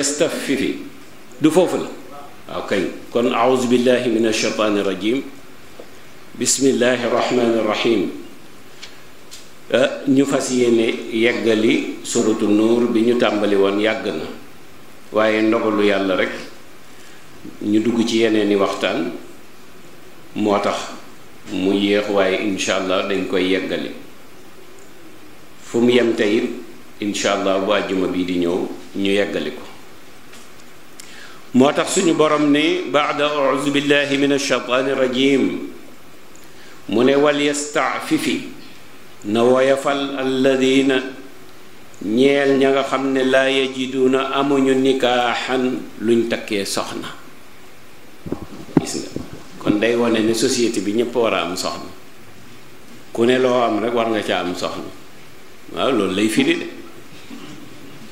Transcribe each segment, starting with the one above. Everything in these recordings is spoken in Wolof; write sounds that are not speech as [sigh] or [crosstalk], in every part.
yastafifi du foofu la waaw kay kon aouzu billahi min alsheytaani rajim bismillahi rahmaani rahim eh, ñu fas yéene yeggali suratu nuur bi ñu tàmbali woon yàgg na waaye ndogalu yàlla rek ñu dugg ci yeneeni waxtaan moo tax mu yéex waaye incha allah dañ koy yeggali fu mu yem tey incha allah bu àjjuma bii di ñëw ñu yeggali ko moo tax suñu borom ni baada auzu billahi min alshaytaani rajim mu ne wal fifi na woyafal alladina ñeel ña nga xam ne laa yajiduuna amuñu nikaaxan luñ takkee soxna gis nga kon day wane ne société bi ñépp war a am soxna ku ne loo am rek war nga ca am soxna waaw loolu lay firi de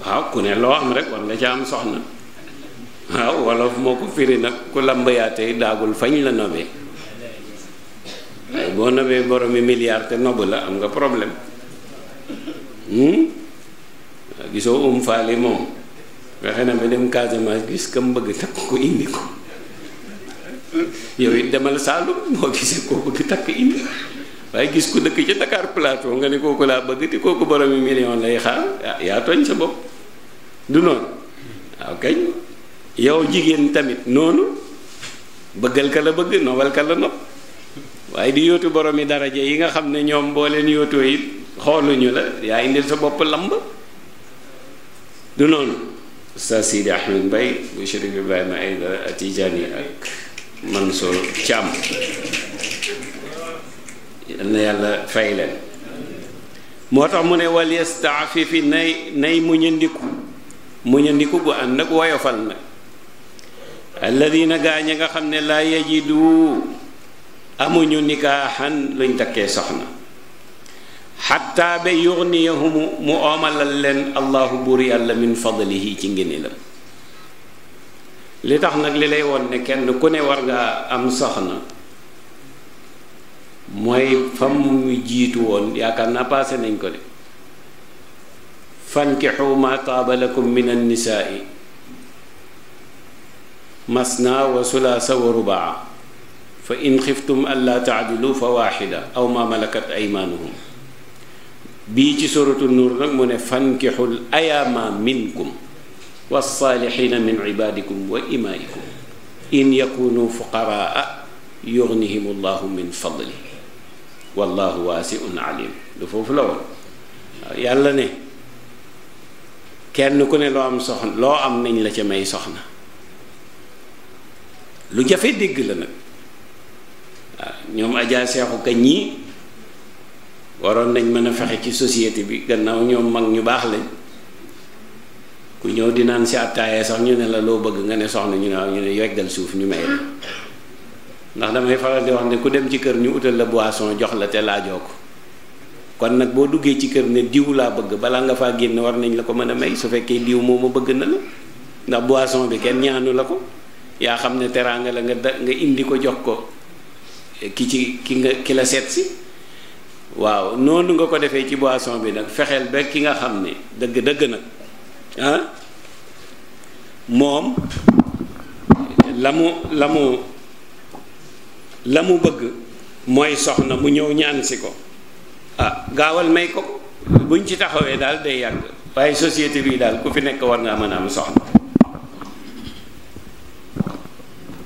waaw ku ne loo am rek war nga ca am soxna waaw wolof moo ko firi nag ku làmbayaatee daagul fañ la nobee waaye boo nobee boromi milliard te nobu la am nga problème hmm? gisoo um faali moom fexe na dem Casamance gis kam bëgg takk ko indi ko yow it demal Saalum boo gisee koo bëgg takk indi waaye gis ku dëkk ci Dakar Plateau nga ne kooku laa bëgg te kooku boromi million lay xaar yaa tooñ sa bopp du noonu waaw kañ yow jigéen tamit noonu bëggal ka la bëgg nobal ka la nopp waaye di yootu borom yi daraja yi nga xam ne ñoom boo leen yóotoo it xooluñu la yaa indi sa bopp lamb du noonu oustaz Sidi Ahmed Mbaye bu Chérif Ibrahima Aïdara Atijani ak Mansour Thiam yal na yàlla fay leen moo tax mu ne wal yastaafifi nay nay muñandiku muñandiku bu ànd ak woyofal nag alladina gaa ñi nga xam ne laa yajidu amuñu nikaaxan luñ takkee soxna xatta ba yugniyahumu mu oomalal leen allahu buur yàlla min fadlihi ci ngénneelam li tax nag li lay woon ne kenn ku ne war nga am soxna mooy fa mu jiitu woon yaakaar naa paase nañ ko de fankixu ma taaba lakum min annisaai masna wa sulaasa wa rubaa fa in xiftum allaa taadilu fa waaxida aw ma malakat aymaanuhum bii ci suratul nuur nag mu ne fankixul ayaama minkum wassaalixiina min ibaadikum wa imaa'ikum in yakunu fuqaraa yugnihim allahu min fadli wallahu waasiun alim du foofu la woon yàlla ne kenn ku ne loo am soxna loo am nañ la ca may soxna lu jafe dégg la nag waaw ah, ñoom ajaa Seexu ka ñii waroon nañ mën a fexe ci société bi gannaaw ñoom mag ñu baax lañ ku ñëw di naan si attaaya sax ñu ne la loo bëgg nga ne soxna ñu ne waaw ñu ne yeggal suuf ñu may la ndax damay faral di wax ne ku dem ci kër ñu utal la boisson jox la te ko kon nag boo duggee ci kër ne diw laa bëgg balaa nga faa génn war nañ la ko mën a may su fekkee diw moo ma bëgg na la ndax boisson bi kenn ñaanu la ko. yaa xam ne teraanga la nga da nga indi ko jox ko ki ci ki nga ki la seet si waaw noonu nga ko defee ci boisson bi nag fexeel ba ki nga xam ne dëgg dëgg nag ah moom la mu la mu la mu bëgg mooy soxna mu ñëw ñaan si ko ah gaawal may ko buñ ci taxawee daal de yàgg waaye société bi daal ku fi nekk war ngaa mën a am soxna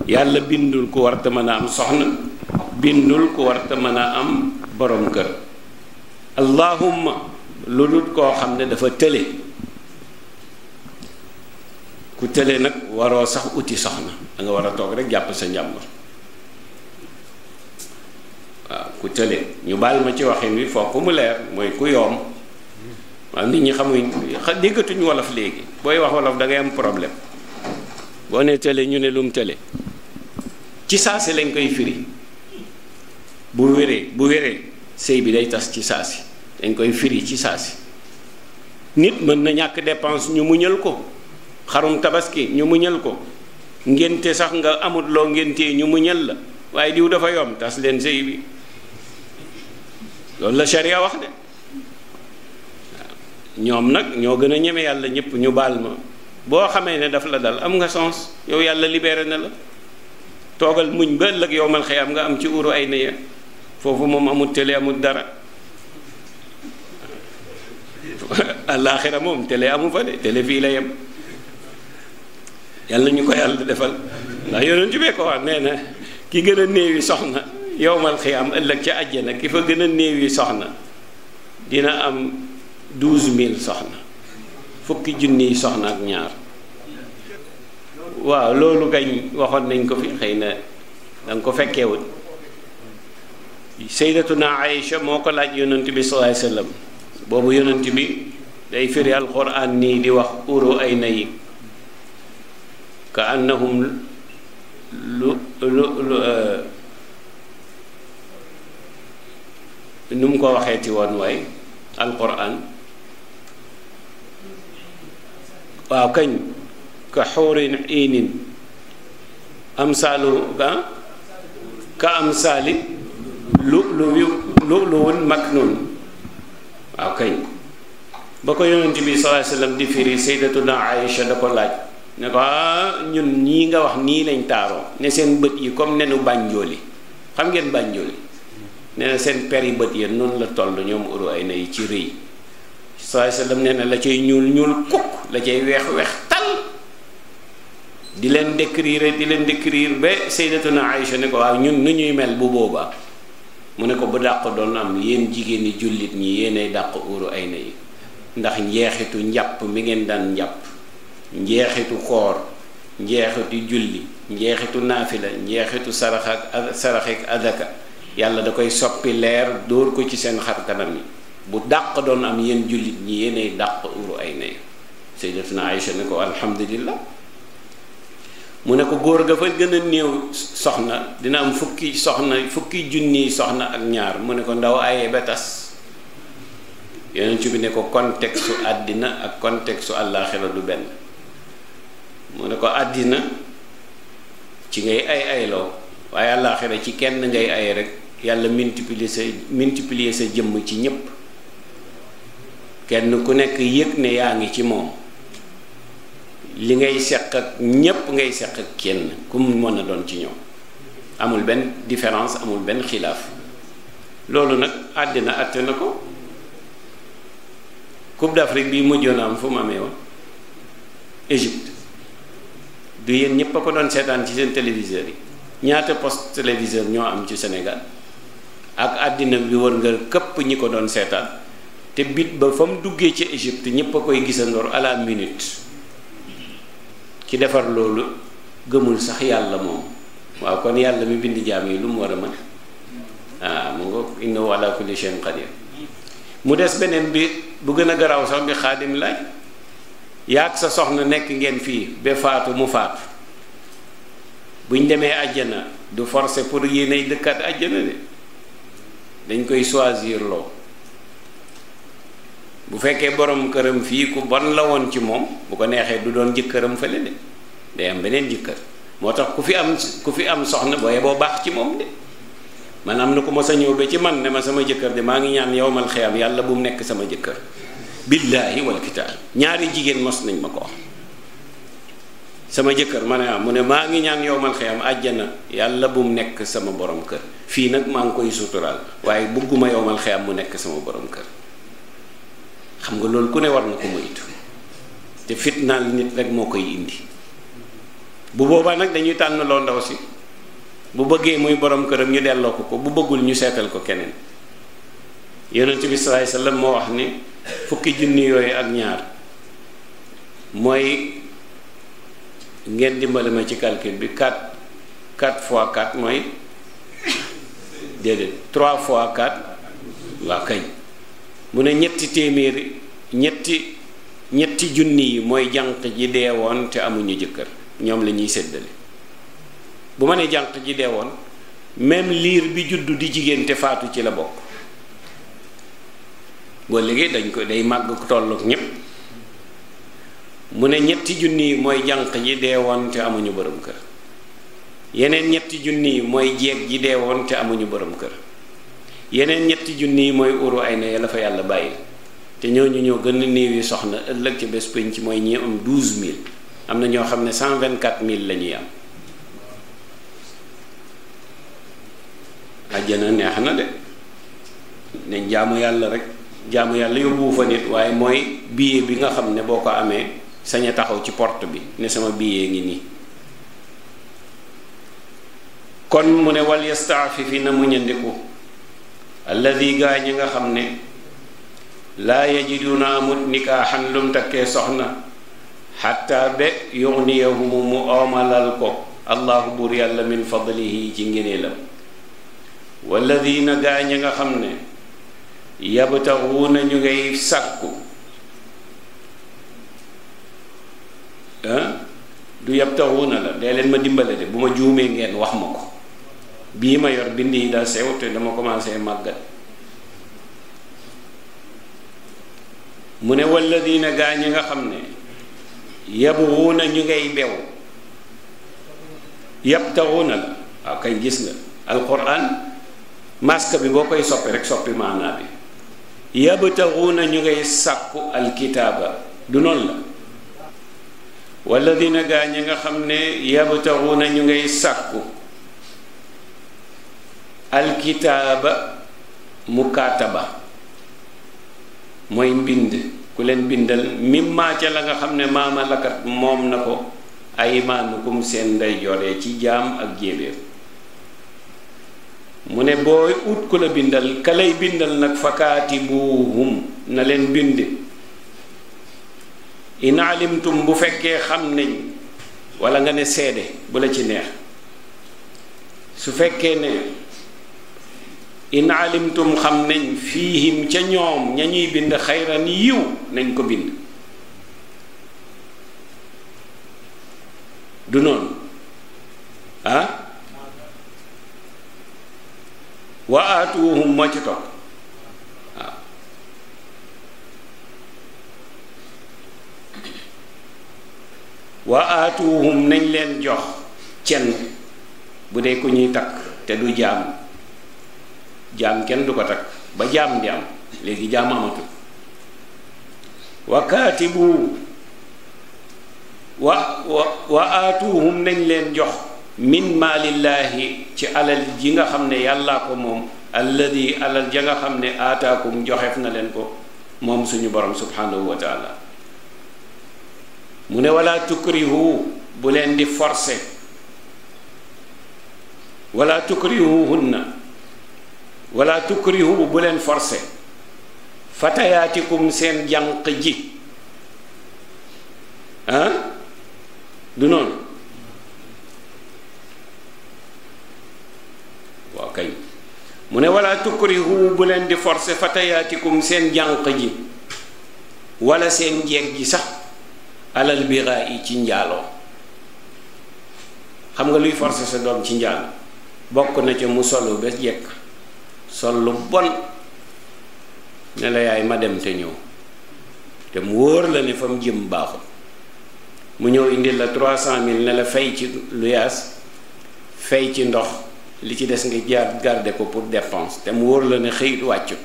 yàlla bindul ku warta mën a am soxna bindul ku warta mën a am borom kër allahumma lu dul koo xam ne dafa tële ku tële nag waroo sax uti soxna danga nga war a toog rek jàpp sa njàmbur waaw ku tële ñu bal ma ci waxin wi fokk mu leer mooy ku yoom waaw nit ñi xamuñ déggatuñ wolof léegi booy wax wolof da ngay am problème boo ne tële ñu ne lum tële ci saasi lañ koy firi bu wéree bu wéree sëy bi day tas ci saa si dañ koy firi ci saa si nit mën na ñàkk dépense ñu muñal ko xarum tabaski ñu muñal ko ngénte sax nga amut loo ngéntee ñu muñal la waaye diw dafa yomb tas leen sëy bi loolu la sharia wax de ñoom nag ñoo gën a ñeme yàlla ñëpp ñu baal ma boo xamee ne daf la dal am nga sens yow yàlla libéré na la toogal muñ ba ëllëg yowmal xiyaam nga am ci uru ay niya foofu moom amul télé amul dara alaaxira [laughs] moom télé amu fa de télé fii la yem yàlla ñu ko yàlla defal ndax yonent bi ko wax nee na ki gën a néewi soxna yowmal xiyaam ëllëg ca àjjana ki fa gën a néewi soxna dina am douze mille soxna fukki junniy soxna ak ñaar waaw loolu gañ waxoon nañ ko fi xëy na ko nga ko fekkeewul saydatuna Aïcha moo ko laaj yonent bi sallallahu alayhi wasallam boobu yonent bi day firi alquran nii di wax uru ay na yi ka annahum lu lu lu eh, nu mu ko waxeeti woon waaye alquran waaw kañ ka xuurin am amsaalu ka amsaali lu'luwi lu'luwun maknuun waaw kay ba ko yonent bi sallallahu alayhi wasallam di firi sayyidatuna Aïcha da ko laaj ne ko ah, ñun ñii nga wax nii lañ taaroo ne seen bët yi comme nenu bànjooli xam ngeen bànjooli nee seen per yi bët yi noonu la toll ñoom uru na yi ci rëy sallallahu alayhi wasallam la cay ñuul ñuul kukk la cay weex weex di leen décrire di leen décrire ba na Aïcha ne ko waaw ñun nu ñuy mel bu boobaa mu ne ko bu dàq doon am yéen jigéen ñi jullit ñi yéenay dàq uuru ay na yi ndax njeexitu njàpp mi ngeen daan njàpp njeexitu koor njeexitu julli njeexitu naafila njeexitu sarax ak sarax ak yàlla da koy soppi leer dóor ko ci seen xar kanam yi bu dàq doon am yéen jullit ñi yéenay dàq uuru ay na yi sayyidatuna Aïcha ne ko alhamdulillah mu ne ko góor ga fa gën a néew soxna dina am fukki soxna fukki junni soxna ak ñaar mu ne ko ndaw ayee ba tas yonent bi ne ko contexte àddina ak contexte àllaaxira du benn mu ne ko àddina ci ngay ay ayloo waaye àllaaxira ci kenn ngay ay rek yàlla multiplier sa multiplier sa jëmm ci ñépp kenn ku nekk yëg ne yaa ngi ci moom li ngay seq ak ñépp ngay seq ak kenn ku mu mën a doon ci ñëw amul benn différence amul benn xilaaf loolu nag àddina àtte na ko Coupe d'Afrique bi mujjoon am fu mu amee woon Égypte du yéen ñépp a ko doon seetaan ci seen téléviseurs yi ñaata post téléviseur ñoo am ci senegal ak àddina bi wër nga këpp ñi ko doon seetaan te bit ba fa mu duggee ci Égypte ñépp a koy gisandoor à la minute ci defar loolu gëmul sax yàlla moom waaw kon yàlla mi bind jaam yi lu mu war a mën waaw ah, mu nga innahu ala kulli shay'in qadir mu des beneen bi bu gën a garaaw sax bi xaadim laaj yaag sa soxna nekk ngeen fii ba faatu mu faatu buñ demee àjjana du forcé pour yéenay dëkkaat àjjana de dañ koy choisir loo bu fekkee borom këram fii ku bon la woon ci moom bu ko neexee du doon jëkkëram fële de day am beneen jëkkër moo tax ku fi am ku fi am soxna booye boo baax ci moom de man am na ku ma sa ñëw ba ci man ne ma sama jëkkër de maa ngi ñaan yowmal xiyam yàlla bu mu nekk sama jëkkër billaahi wal kitaab ñaari jigéen mos nañ ma ko sama jëkkër ma ne ah mu ne maa ngi ñaan yowmal xiyam àjjana yàlla bu nekk sama borom kër fii nag maa ngi koy suturaal waaye bugguma yowmal xiyam mu nekk sama borom kër xam nga loolu ku ne war na ko moytu te fitnaal nit rek moo koy indi bu boobaa nag dañuy tànn loo ndaw si bu bëggee muy borom këram ñu delloo ko ko bu bëggul ñu seetal ko keneen yonent bi salaay sallam moo wax ni fukki junni yooyu ak ñaar mooy ngeen dimbali ma ci calcul bi 4 4 fois 4 mooy déedéet 3 fois 4 waa kañ bu ne ñetti téeméeri ñetti ñetti junni yi mooy jànq ji deewoon te amuñu jëkkër ñoom lañuy ñuy bu ma ne jànq ji deewoon même liir bi juddu di jigéen te faatu ci la bokk boo liggéey dañ ko day màgg tollu tollook ñépp mu ne ñetti junni yi mooy jànq ji deewoon amuñu borom ñetti junni yi mooy jeeg ji deewoon te amuñu bërëm kër yeneen ñetti junni yi mooy uru ay na la fa yàlla bàyyi te ñooñu ñoo gën a néew yi soxna ëllëg ci bés penc mooy ñi am douze mille am na ñoo xam ne cent vingt quatre mille la ñuy am. àjjana neex na de nañ jaamu yàlla rek jaamu yàlla yóbbuwu fa nit waaye mooy billet bi nga xam ne boo ko amee sañ taxaw ci port bi ne sama billet ngi nii. kon mu ne wal yastaafi fi na mu alladi gaa ñi nga xam ne laa yajiduna amut nikaaxan lum takkee soxna xatta be yugniyahumu mu oomalal ko allahu buur yàlla min fadlihi ci ngëneelam walladina gaa ñi nga xam ne yabtaxuuna ñu ngay sàkku ah, du yabtaxuuna la dee leen ma dimbale de bu ma juumee ngeen wax ma ko bii ma yor bind yi dal sew te dama commencé màggat mu ne walla walladina gaa ñi nga xam ne yabruuna ñu ngay bew yabtaxuuna la waaw kay gis nga alquran masque bi boo koy soppi rek soppi maanaa bi yabtaxuuna ñu ngay sàkku alkitaaba du noonu la walladina gaa ñi nga xam ne yabu yabtaxuuna ñu ngay sàkku alkitaaba mukaataba mooy mbind ku leen bindal mimmaa la nga xam ne maama moom na ko ay aymaanukum seen ndeyjooree ci jaam ak jéebéer mu ne booy ut ku la bindal ka lay bindal nag fakaatibuuhum na leen bind in alimtum bu fekkee xam nañ wala nga ne seede bu la ci neex su fekkee ne in alimtum xam nañ fiihim ca ñoom ña ñuy bind xayran yiw nañ ko bind du noonu ah wa aatuuhum moo ci topp ah. wa aatuuhum nañ leen jox cenn bu dee ku ñuy takk te du jaam jaam kenn du ko takk ba jaam di am léegi jaam amatul wa kaatibu wa wa wa aatuhum nañ leen jox min maalillaahi ci alal ji nga xam ne yàllaa ko moom alladi alal ja nga xam ne aataakum joxef na leen ko moom suñu borom subhanahu wa mu ne wala tukrihu bu leen di forcer wala tukrihuhunna wala tukrihu bu leen forcé fatayaatikum seen jànq ji ah du noonu waaw kay mu ne wala tukrihu bu leen di forcé fatayaatikum seen jànq ji wala seen njeeg ji sax alal biraa ci njaaloo xam nga luy forcé sa doom ci njaalo bokk na ca mu solo ba jekk sol lu bon ne la yaay ma dem te ñëw te mu wóor la ne fa mu jëm baaxul mu ñëw indi la trois cent mille ne la fay ci luyaas fey ci ndox li ci des ngi jaar garder ko pour dépense te mu wóor la ne xëyit wàccut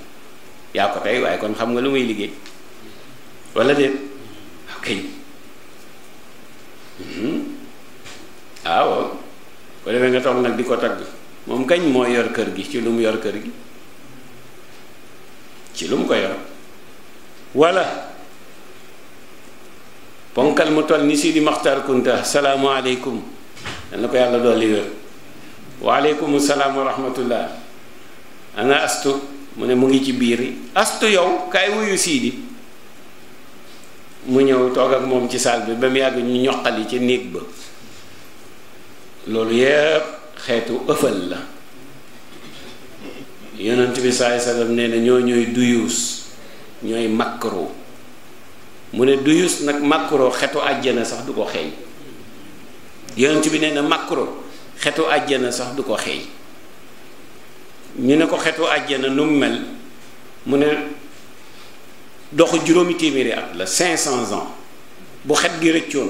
yaa ko tey waaye kon xam nga lu muy liggéey walla déet ok mhm. ah, waaw ko defee nga toog nag di ko tagg moom kañ moo yor kër gi ci lu mu yor kër gi ci lu mu ko yor wala ponkal mu toll ni Sidi Maxtar Kunta salaamualeykum dana ko yàlla dolli wér waaleykum salaam wa rahmatullah ana astu mu ne mu ngi ci biir yi astu yow kaay wuyu Sidi mu ñëw toog ak moom ci saal bi ba mu yàgg ñu ñoqali ci néeg ba loolu yépp xeetu ëfal la yonent bi saay sallam nee na ñoo ñuy duyuus ñooy macro mu ne duyuus nag macro xetu àjjana sax du ko xeeñ yonent bi nee macro makro xetu àjjana sax du ko xeeñ ñu ne ko xetu àjjana nu mu mel mu ne doxu juróomi téeméeri at la cinq cents ans bu xet gi rëccoon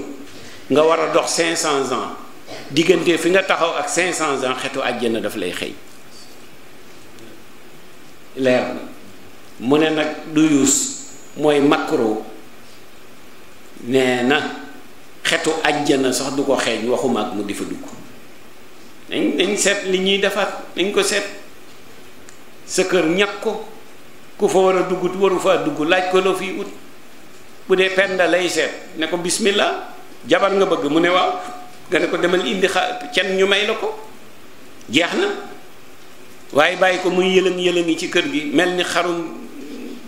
nga war a dox cinq cents ans diggante fi nga taxaw ak 500 ans xetu àjjana daf lay xëy leer na mu ne nag du yuus mooy makro nee na xetu àjjana sax du ko xeeñ waxuma ak mu di fa dugg nañ nañ seet li ñuy defar nañ ko seet sa kër ñàkk ko ku fa war a dugg waru faa dugg laaj ko loo fii ut bu dee penda lay seet ne ko bismillah jabar nga bëgg mu ne waaw nga ne ko demal indi xa can ñu may la ko jeex na waaye bàyyi ko muy yëlëng yëlëng yi ci kër bi mel ni xarum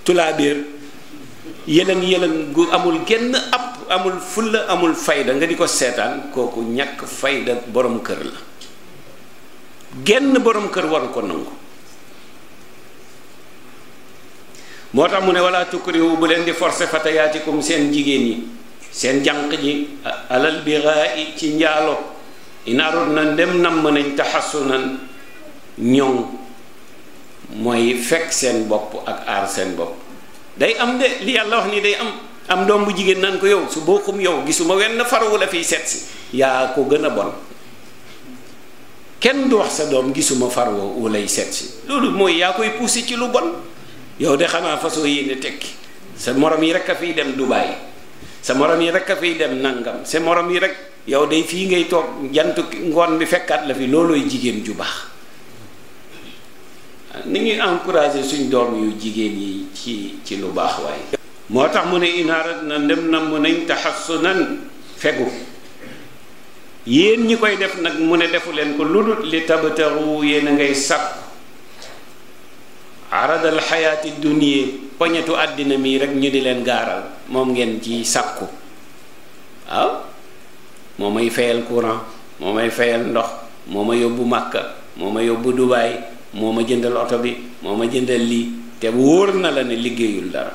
tulaabeer yëlëng yëlëng gu amul genn ab amul fulla amul fayda nga di ko seetaan kooku ñakk fayda borom kër la genn borom kër waru ko nangu moo tax mu ne wala tukrihu bu leen di forcer fatayaatikum seen jigéen yi seen jànq ji alal birai ci njaalo inaarut na ndem namm nañ na ñoŋ mooy fekk seen bopp ak aar seen bopp day am de li yàlla wax ni day am am doom bu jigéen nan ko yow su bokkum yow gisuma wenn farawu la fiy seet si yaa ko gën a bon kenn du wax sa doom gisuma farwo wu lay seet si loolu mooy yaa koy poussé ci lu bon yow de xanaa fasoo yéene tekki sa morom yi rek a fiy dem Dubaay sa morom yi rek a fiy dem nangam sa morom yi rek yow day fii ngay toog jant ngoon bi fekkaat la fi loolooy jigéen ju baax ni ngi encouragé suñ doom yu jigéen yi ci ci lu baax waaye moo tax mu ne inaarat na ndem na mu nañ taxassunan fegu yéen ñi koy def nag mu ne defu leen ko lu dul li tabtaru yéen a ngay sàkku aradal xayaati dunya poñetu àddina mii rek ñu di leen gaaral moom ngeen ci sàkku waaw moo ay fayal courant moo may fayal ndox moo ma yóbbu Màkka moo ma yóbbu Dubaay moo ma jëndal oto bi moo ma jëndal lii te wóor na la ne liggéeyul dara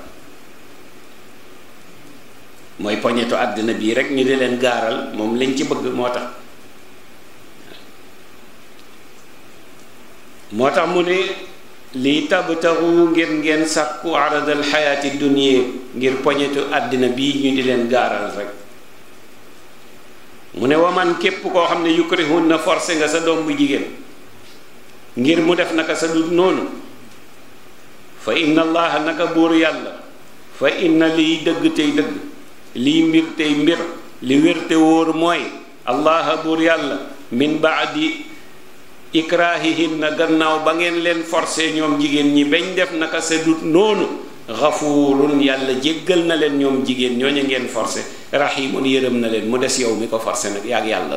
mooy poñetu àddina bii rek ñu di leen gaaral moom lañ ci bëgg moo tax moo tax mu ne lii tabtaxu ngir ngeen sàkku aradal xayaati dunya ngir poñetu àddina bii ñu di leen gaaral rek mu ne waman képp koo xam ne yukrihun na forcé nga sa doom bu jigéen ngir mu def naka sa dut noonu fa inna allaha naka buur yàlla fa inna liy dëgg tey dëgg liy mbir tey mbir li wér te wóor mooy allaha buur yàlla min baadi na gannaaw ba ngeen leen forcé ñoom jigéen ñi bañ def naka sedut noonu xafuurun yàlla jéggal na leen ñoom jigéen ñooñu ngeen forcé rahimun yërëm na leen mu des yow mi ko forcé nag yaag yàlla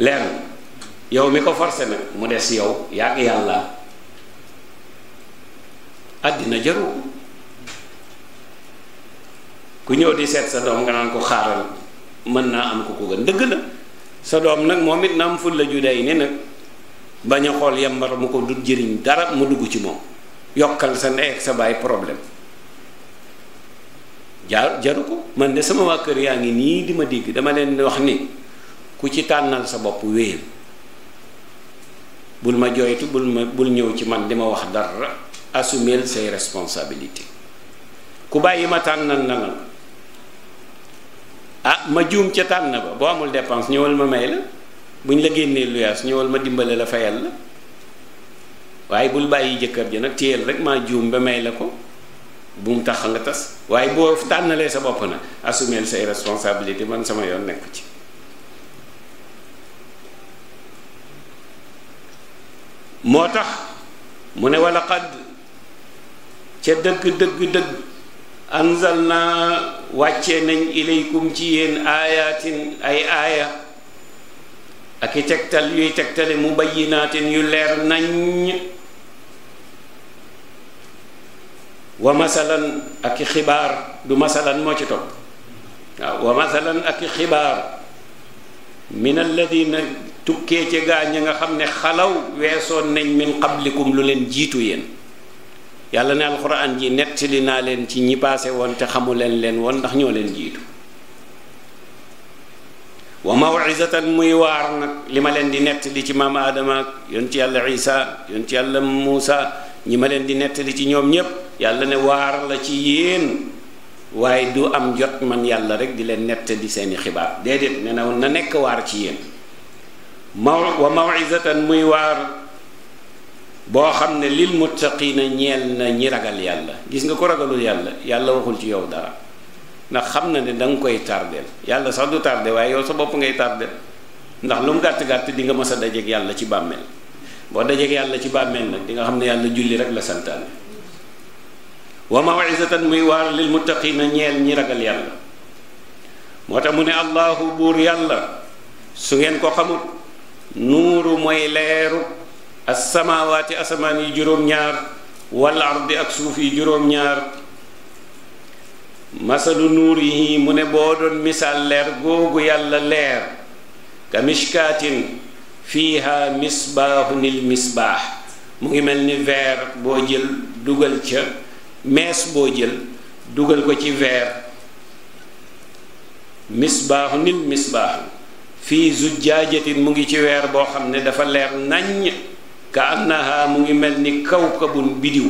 la leer mi ko forcé nag mu des yow yaag yàlla àddina jaru ku ñëw di seet sa doom nga naan ko xaaral mën naa am ku ko gën dëgg la sa doom nag moom it na am ful la ju day ni nag bañ a xool yambar mu ko du jëriñ dara mu dugg ci moom yokkal sa ndey ak sa baay problème jaar jaru ko man de sama waa kër yaa ngi nii di ma dégg dama leen wax ni ku ci tànnal sa bopp wéyal bul ma joytu bul ma bul ñëw ci man di ma wax dara assumer say responsabilité ku bàyyi ma tànnal na la ah ma juum ca tànn ba boo amul dépense ñëwal ma may la bu ñu la génnee luyaas ñëwal ma dimbale la fayal la waaye bul bàyyi jëkkër ji nag téyel rek ma juum ba may la ko bu mu tax nga tas waaye boo tànnalee sa bopp nag assumeel say responsabilité man sama yoon nekku ci moo tax mu ne wala xadd ca dëgg dëgg dëgg anzalna wàcce nañ ilaykum ci yéen ayatin ay aaya ak i tegtal yuy tegtale mubayyinaatin yu leer nañ wa masalan ak i xibaar du masalan moo ci topp waaw wa masalan ak i xibaar min alladina tukkee ci gaañ ñi nga xam ne xalaw weesoon nañ min qablikum lu leen jiitu yéen yàlla ne alxuraan ji nettali naa leen ci ñi paase woon te xamu leen leen woon ndax ñoo leen jiitu wa mawizatan muy waar nag li ma leen di nettali ci maam aadama ak yonent yàlla isa yonent yàlla muusa ñi ma leen di nettali ci ñoom ñépp yàlla ne waar la ci yéen waaye du am jot man yàlla rek di leen nettali seeni xibaar déedéet ne na nekk waar ci yéen maw wa mawizatan muy waar boo xam ne lil muttaqina ñeel na ñi ragal yàlla gis nga ko ragalul yàlla yàlla waxul ci yow dara ndax xam na ne danga koy tardeel yàlla sax du tardé waaye yow sa bopp ngay tardé ndax lu mu gàtt gàtt di nga mës a dajeeg yàlla ci bàmmeel boo dajeeg yàlla ci bàmmeel nag di nga xam ne yàlla julli rek la santaane wa mawizatan muy waar lil muttaqina ñeel ñi ragal yàlla moo tax mu ne allahu buur yàlla su ngeen ko xamut nuuru mooy leeru assamaawaati asamaan yi juróom-ñaar wal ardi ak suuf yi juróom-ñaar masalu nuur yi mu ne boo doon misaal leer googu yàlla leer ka mishkaatin fiiha misbaahunil misbaax mu ngi mel ni verre boo jël dugal ca mees boo jël dugal ko ci verre misbaahunil misbaax fii zujjaajatin mu ngi ci weer boo xam ne dafa leer naññ ka annaha mu ngi mel ni kawkabun bidiw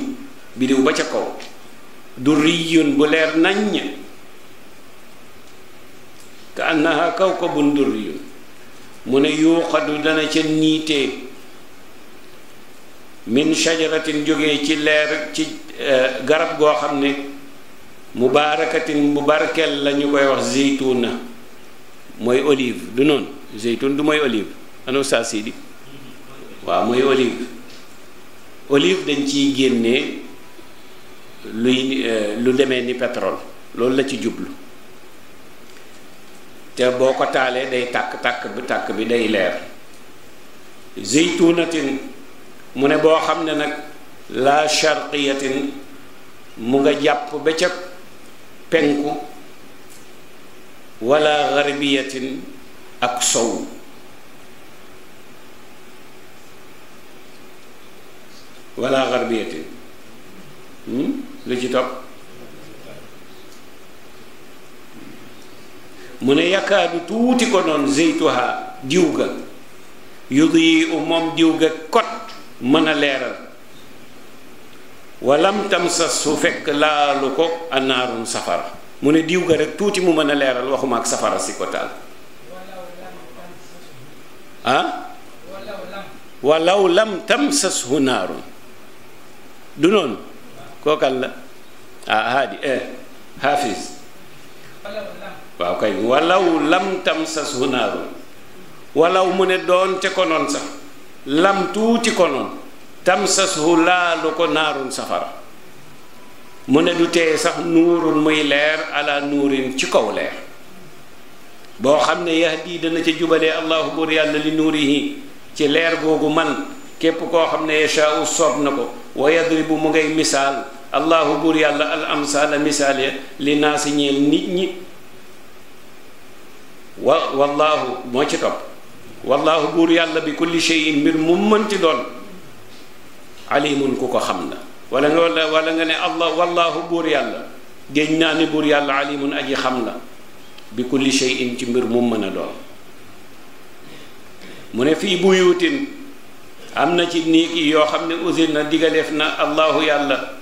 bidiw ba ca kaw durriyun bu leer nañ naññ ka annaha kawkabun durriyun mu ne yuuxadu dana ca niitee min shajaratin jóge ci leer ci eh, garab goo xam ne mubaarakatin bu barkeel la ñu koy wax zeytuna mooy olive du noonu zeytun du mooy olive ano saa sidi quoi mooy olive olive dañ ciy génnee luy eh, lu demee ni pétrole loolu la ci jublu te boo ko taalee day tàkk tàkk bi tàkk bi day leer zeytunatin mu ne boo xam ne nag la charqiyatin mu nga jàpp ba ca penku walla garbiyatin ak sow wala xarbiyatin hmm? lu ci topp mu ne yakaadu tuuti ko noonu zeytuha diw ga yudiyu moom diw ga kot mën a leeral walam tam sa su fekk laalu ko anaarun safara mu ne diw ga rek tuuti mu mën a leeral waxuma ak safara si ko taal ah walaw lam hu naarun du noonu kookal la ah haadi eh hafiz waaw kay walaw lam tam sasu naaru walaw mu ne doon ca konoon sax lam tuuti konoon tam sasu laalu ko naarun safara mu ne du tee sax nuurun muy leer ala nuurin ci kaw leer boo xam ne yahdi dana ca jubalee allahu buur yàlla li nuurihi ci leer googu man képp koo xam ne yashaau soob na ko wa yadribu mu ngay misaal allahu buur yàlla al amsaala misaal ya li naasi ñeel nit ñi wa wallaahu moo ci topp wallaahu buur yàlla bi kulli shay'in mbir mu mënti doon alimun ku ko xam la wala nga wala wala nga ne allah wallaahu buur yàlla géej naa ni buur yàlla alimun aji xam la bi kulli shay'in ci mbir mu mën a doon mu ne fii buyutin am na ci néeg yi yoo xam ne usil na digaleef na allahu yàlla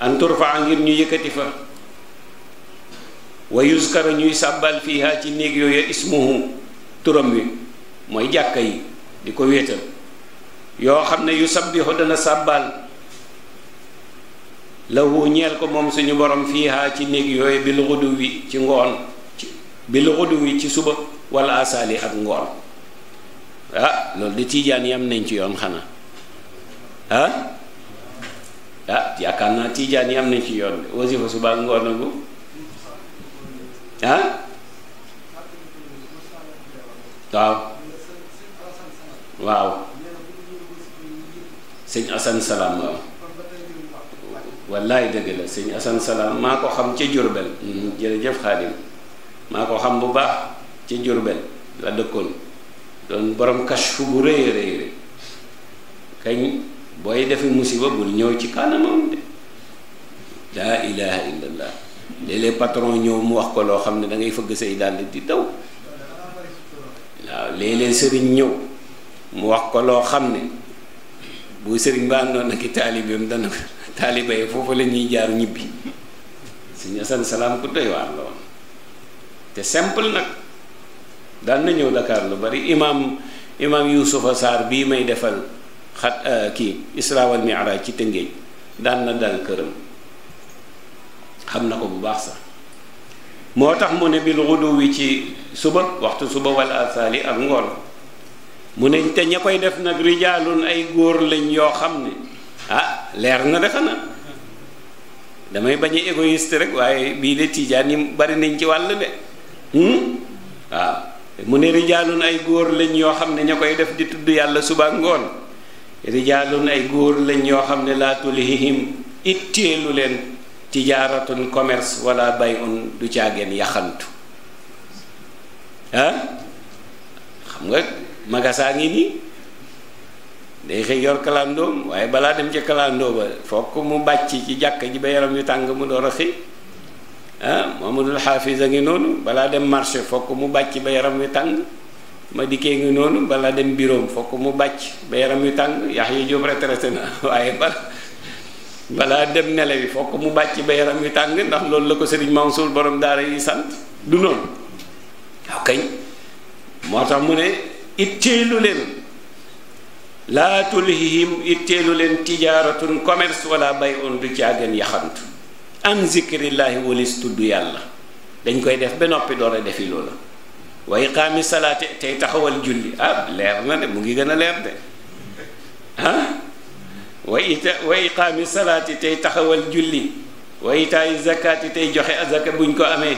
an ngir ñu yëkkati fa wa ñuy sàbbal fiiha ci néeg yooyu ismuhu turam wi mooy jàkka yi di ko wéetal yoo xam ne yu sabbixu dana sàbbal lahu ñeel ko moom suñu borom fiiha ci néeg yooyu bil xudu wi ci ngoon bil xudu wi ci suba wala asaali ak ngoon ah loolu di tiijaan yi am nañ ci yoon xanaa ah ah yaakaar naa tiijaan yi am nañ ci yoon wasifa suba ngoon nagu ah waaw waaw sëñ asan salaam waaw wallaay dëgg la sëñ asan salaam maa ko xam ca Jurbel mm, jërëjëf xaadim maa ko xam bu baax ci Jurbel la dëkkoon doon borom kashfu bu rëy rëy rëy kañ booy defi musiba bul ñëw ci kanamam de laa ilaha illallah léeg patron ñëw mu wax ko loo xam ne da ngay fëgg say dàll di daw waaw léeg sëriñ ñëw mu wax ko loo xam ne bu sëriñ ba àndoon ak i taalibeem dana taaliba yi foofu la ñuy jaar ñibbi suñu asan salaam ku doy waar la woon te simple nag daan na ñëw Dakar lu bari imaam imaam Yuusufa Saar bii may defal xat euh, kii Isra wal ci Tëngéej daan na dal këram xam na ko bu baax sax moo tax mu ne bil xudu wi ci suba waxtu suba wal asaali ak ngoon mu ne te ña koy def nag rijaalun ay góor lañ yoo xam ne ah leer na defe na damay bañ a rek waaye bii de tijaan yi bari nañ ci wàll de hmm? waaw mu ne rijaalun ay góor lañ yoo xam ne ña koy def di tudd yàlla suba ngoon rijaalun ay góor lañ yoo xam ne laa tulhihim itteelu leen tijaaratun commerce wala bayun du caageen yaxantu ah xam nga magasaa ngi nii day xëy yor kalandoom waaye balaa dem ca kalandoo ba fokk mu bàcc ci jàkk ji ba yaram yu tàng mu door a xëy ah Mamadul Xaafis a ngi noonu balaa dem marché fokk mu bàcc ba yaram wi tàng ma dikkee ngi noonu balaa dem biroom fokk mu bàcc ba yaram wi tàng Yaxya Jóob retraité na [laughs] waaye ba balaa dem nele mu bàcc ba yaram wi tàng ndax loolu la ko Sëriñ Mansuur borom daara yi sant du noonu waaw kañ moo tax mu ne leen laa tulhihim itteelu leen tijaaratun commerce bay on du caagan am zikrillaahi walis tudd yàlla dañ koy def ba noppi door a defi loola wa iqaami salaati tey taxawal julli ah leer na de mu ngi gën a leer de ah wa ita wa iqaami salaati tey taxawal julli wa itaayi zakaati tey joxe azaka buñ ko amee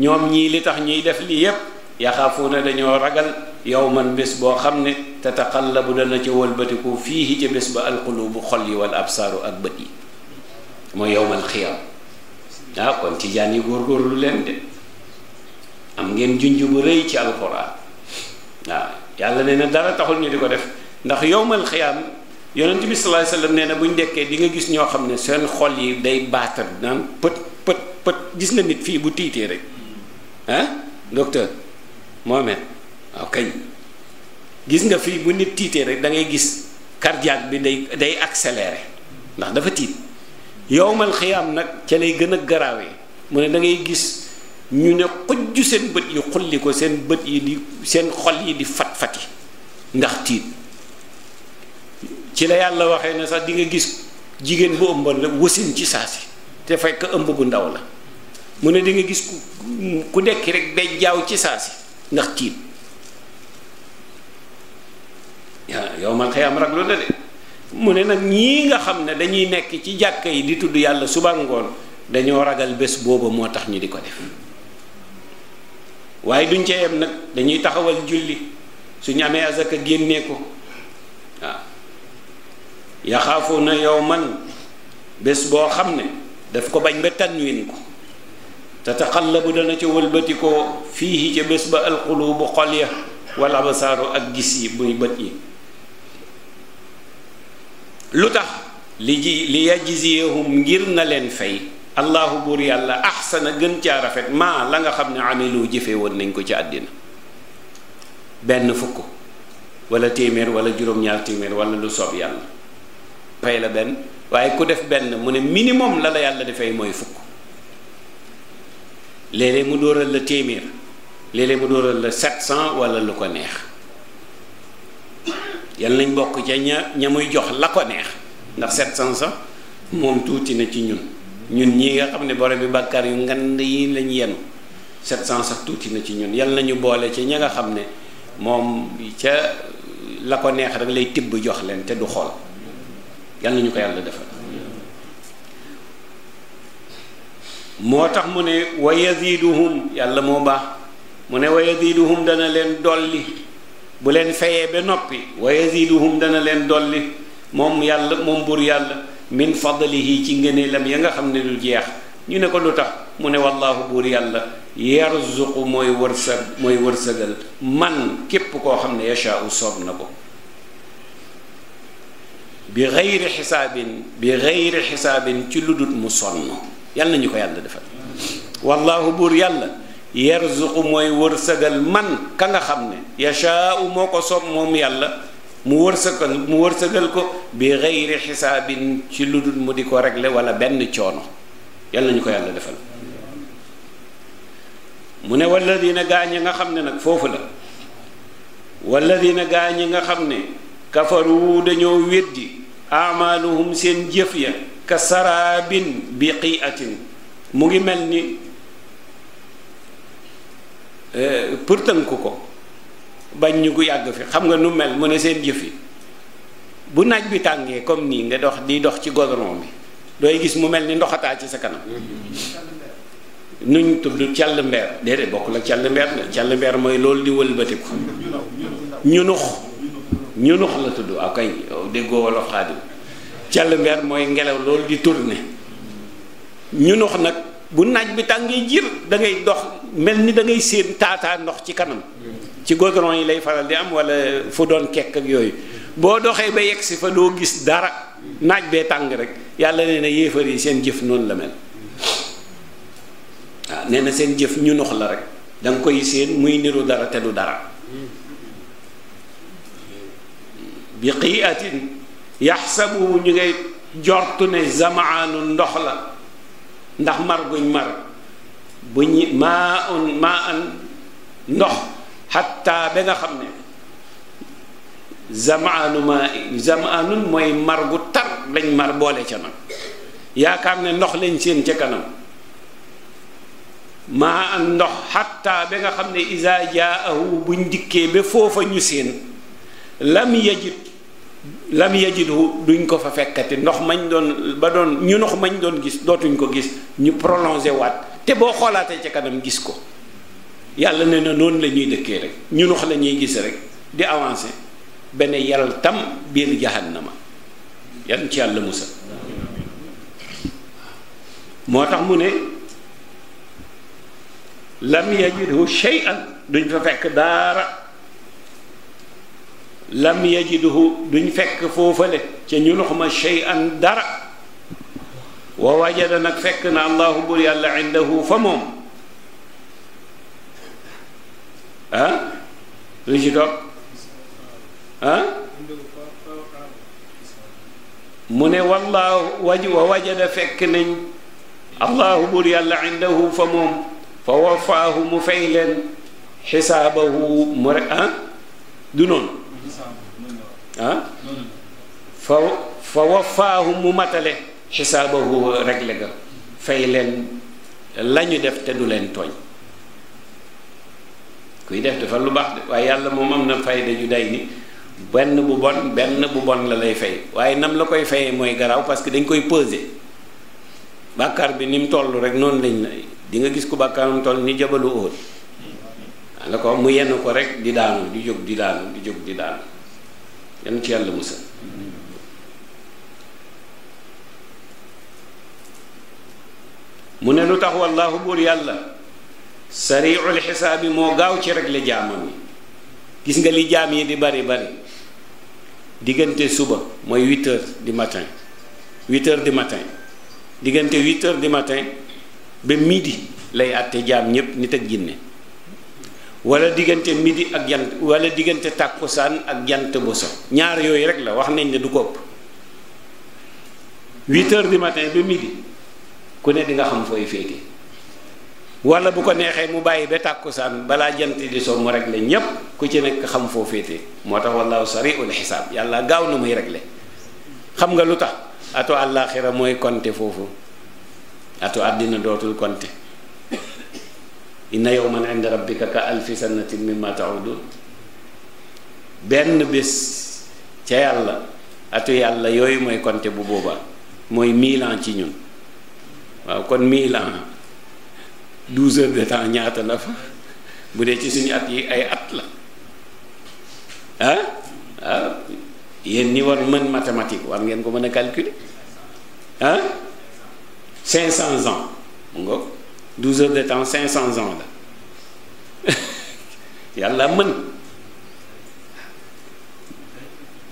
ñoom ñii li tax ñuy def lii yépp yaxaafuuna dañoo ragal yow man bés boo xam ne tataqallabu dana ca wëlbatiku fii ca bés ba alqulubu xol yi wal absaaru ak bët yi mooy yowmal xiyaam waaw ah, kon tijaan yi góorgóorlu leen de am ngeen junj bu rëy ci alxuraan waaw ah, yàlla nee na dara taxul ñu di ko def ndax yowmal xiyaam yonent bi sallallahu alayhi wasallam nee na bu ñu dekkee di nga gis ñoo xam ne seen xol yi day baatal naan pët gis nga nit fii bu tiitee rek ah docteur waaw kañ gis nga fii bu nit tiitee rek dangay gis cardiaque bi day day accéléré ndax dafa tiit yowmal xiyaam nag ci lay gën a garaawee mu ne dangay gis ñu ne xujj seen bët yi xulli ko seen bët yi di seen xol yi di fat-fati ndax tiit ci la yàlla waxee ne sax dinga gis jigéen bu ëmboon rek wasin ci si te fekk ëmb bu ndaw la mu ne di nga gis ku ku dekki rek day jaaw ci si ndax tiit waaw yow man xëy am raglu de mu ne nag ñii nga xam ne dañuy nekk ci jàkk yi di tudd yàlla suba ngoon dañoo ragal bés boobu moo tax ñu di ko def waaye duñ ca yem nag dañuy taxawal julli su ñamee azaka génnee ko waaw yow man bés boo xam ne daf ko bañ ba tanwin ko tataqallabu dana ca wëlbatikoo fiihi ca bés ba alxulubu xol ya walla abasaaru ak gis yi muy bët yi lu tax li ji li yajziyahum ngir na leen fay allahu buur yàlla axsana gën caa rafet maa la nga xam ne amilu jëfe woon nañ ko ci àddina benn fukk wala téeméer wala juróom-ñaar téeméer wala lu soob yàlla fay la benn waaye ku def benn mu ne minimum la la yàlla dafay mooy fukk léeg mu dóoral la téeméer léeg-léeg mu dóoral la 700 wala lu ko neex yal nañ bokk ca ña ña muy jox la ko neex ndax sept cent sax moom tuuti na ci ñun ñun ñii nga xam ne borom bi bàkkaar yu ngand yi lañ yenu sept cent sax tuuti na ci ñun yal nañu boole ci ña nga xam ne moom ca la ko neex rek lay tibb jox leen te du xool yal nañu ko yàlla defal moo tax mu ne wa yaziduhum yàlla moo baax mu ne wa yaziduhum dana leen dolli bu leen fayee ba noppi wa yaziduhum dana leen dolli moom yàlla moom buur yàlla min fadlihi ci ngëneelam ya nga xam ne du jeex ñu ne ko lu tax mu ne wallaahu buur yàlla yarzuqu mooy wërsëg mooy wërsëgal man képp koo xam ne yashaau soob na ko bi xeyri xisaabin bi xeyri xisaabin ci lu dut mu sonn yàlla na ñu ko yàlla defal wallaahu buur yàlla yarzuqu mooy wërsëgal man ka nga xam ne yashaau moo ko soob moom yàlla mu wërsëgal mu wërsëgal ko bi xeyri xisaabin ci lu dul mu di ko regle walla benn coono yàlla nañu ko yàlla defal mu ne walladina gaañ nga xam ne nag foofu la walladina gaañ nga xam ne kafaru dañoo weddi amaaluhum seen jëf ya ka saraabin biqiatin mu ngi mel ni Euh, pour tënk ko bañ ñu ko yàgg fi xam nga nu mel mu ne seen jëf bu naaj bi tàngee comme nii nga dox di dox ci goudron bi dooy gis mu mel ni ndoxataa ci sa kanam nuñ tudd càll mbeer déedéet bokk la càll mbeer la mooy loolu di wëlbatiku ñunux ñunux tudd ak ah, mooy ngelaw loolu di tourner ñunux nag bu naaj bi tàngee jir da dox mel ni da ngay séen taataa ndox ci kanam ci goudron yi lay faral di am wala fu doon kekk ak yooyu boo doxee ba yegg si fa doo gis dara naaj bee tàng rek yàlla nee na yéefar yi seen jëf noonu la mel waaw nee na seen jëf ñu nox la rek danga koy séen muy niru dara te du dara bi qiiatin yaxsabu ñu ngay jortu ne zamaanu ndox la ndax mar guñ mar bu ñi maa un maa an ndox xatta ba nga xam ne zamaanu zamaanun mooy mar gu tar lañ mar boole ca nag yaakaar ne ndox lañ seen ca kanam maa an ndox xatta ba nga xam ne isaa jaahu buñ dikkee ba foofa ñu seen lam yajid lam yajidhu duñ ko fa fekkati ndox mañ doon ba doon ñu ndox mañ doon gis dootuñ ko gis ñu prolongé waat te boo xoolaatee ca kanam gis ko yàlla ne na noonu la ñuy dëkkee rek ñu nox la ñuy gis rek di avancer benn yàlla tam biir jahannama yan ci yàlla musa moo tax mu ne lam yajidhu shay'an duñ fa fekk daara lam yajidhu duñ fekk foofale ca ñu nox ma shay'an dara wa wajada nag fekk na allahu bur yàlla indahu fa moom ah lu ci topp ah mu ne wallaahu waj wa wajada fekk nañ allahu bur yàlla indahu fa moom fa wafaahu mu fay leen xisaabahu mu rek ah du noonu ah fa fa wafaahu mu matale xisaabahu rek ga fay leen lañu def te du leen tooñ kuy def dafa lu baax de waaye yàlla moom am na fayda ju day ni benn bu bon benn bu bon la lay fay waaye nam la koy fayee mooy garaaw parce que dañ koy peser bàkkaar bi ni mu toll rek noonu lañ la di nga gis ku bàkkaaram toll ni jabalu óot la ko mu yenn ko rek di daanu di jóg di daanu di jóg di daanu yenn ci yàlla musal mu ne lu tax wallaahu buur yàlla sariicul xisaab yi moo gaaw ci rek la jaamam yi gis nga li jaam yi di bari bari diggante suba mooy huit heures du matin huit heures matin diggante huit heures du matin ba midi lay àtte jaam ñépp nit ak jinne wala diggante midi ak jant wala diggante tàkkusaan ak jant bu so ñaar yooyu rek la wax nañ ne du ko ëpp huit matin ba midi ku ne di nga xam fooy féete wala bu ko neexee mu bàyyi ba tàkkusaan balaa jant di soo mu réglé ñépp ku ci nekk xam foo féete moo tax wallahu sariul xisaab yàlla gaaw na muy réglé xam nga lu tax atu àllaaxira mooy konte foofu atu àddina dootul konte inna yawman inda rabbika ka alfi sanatin mimma taudun benn bés ca yàlla atu yàlla yooyu mooy konte bu boobaa mooy mille ci ñun waaw kon Milan douze heures de temps ñaata la fa bu dee ci suñu at yi ay at la ah waaw ah, yéen ñi war mën mathématique war ngeen ko mën a calculer ah cinq cents ans mu nga douze de temps cinq cents ans la [laughs] yàlla mën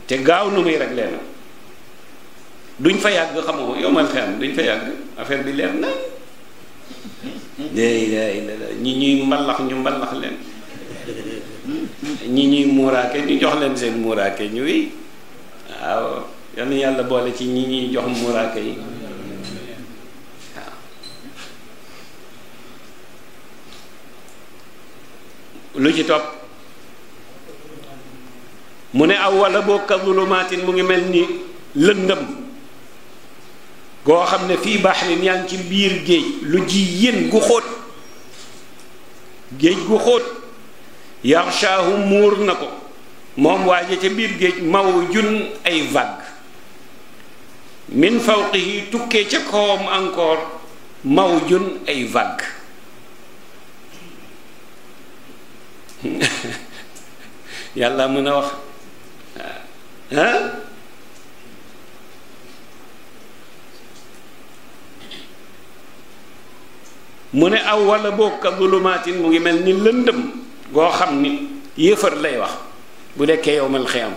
te gaaw nu muy régler la duñ fa yàgg xamoo yow man xam duñ fa yàgg affaire bi leer nañ day day ñi ñuy mbalax ñu mbalax leen ñi ñuy muuraake ñu jox leen seen muuraake ñu wéy waaw yal na yàlla boole ci ñi ñuy jox muuraake yi waaw lu ci topp mu ne aw wala boo kazulumaatin mu ngi mel ni lëndëm goo xam ne fii baax baxrin yaa ngi ci biir géej lu ji yén gu xóot géej gu xóot yaxshaahu muur na ko moom waaje ca biir géej maw jun ay vague min fawqihi tukkee ca kawam encore maw jun ay vague [laughs] yàlla mën a wax ah, ah? mu ne aw wala boo ka zulumaatin mu ngi mel ni lëndëm goo xam ni yëfër lay wax bu dekkee yow mal xiyam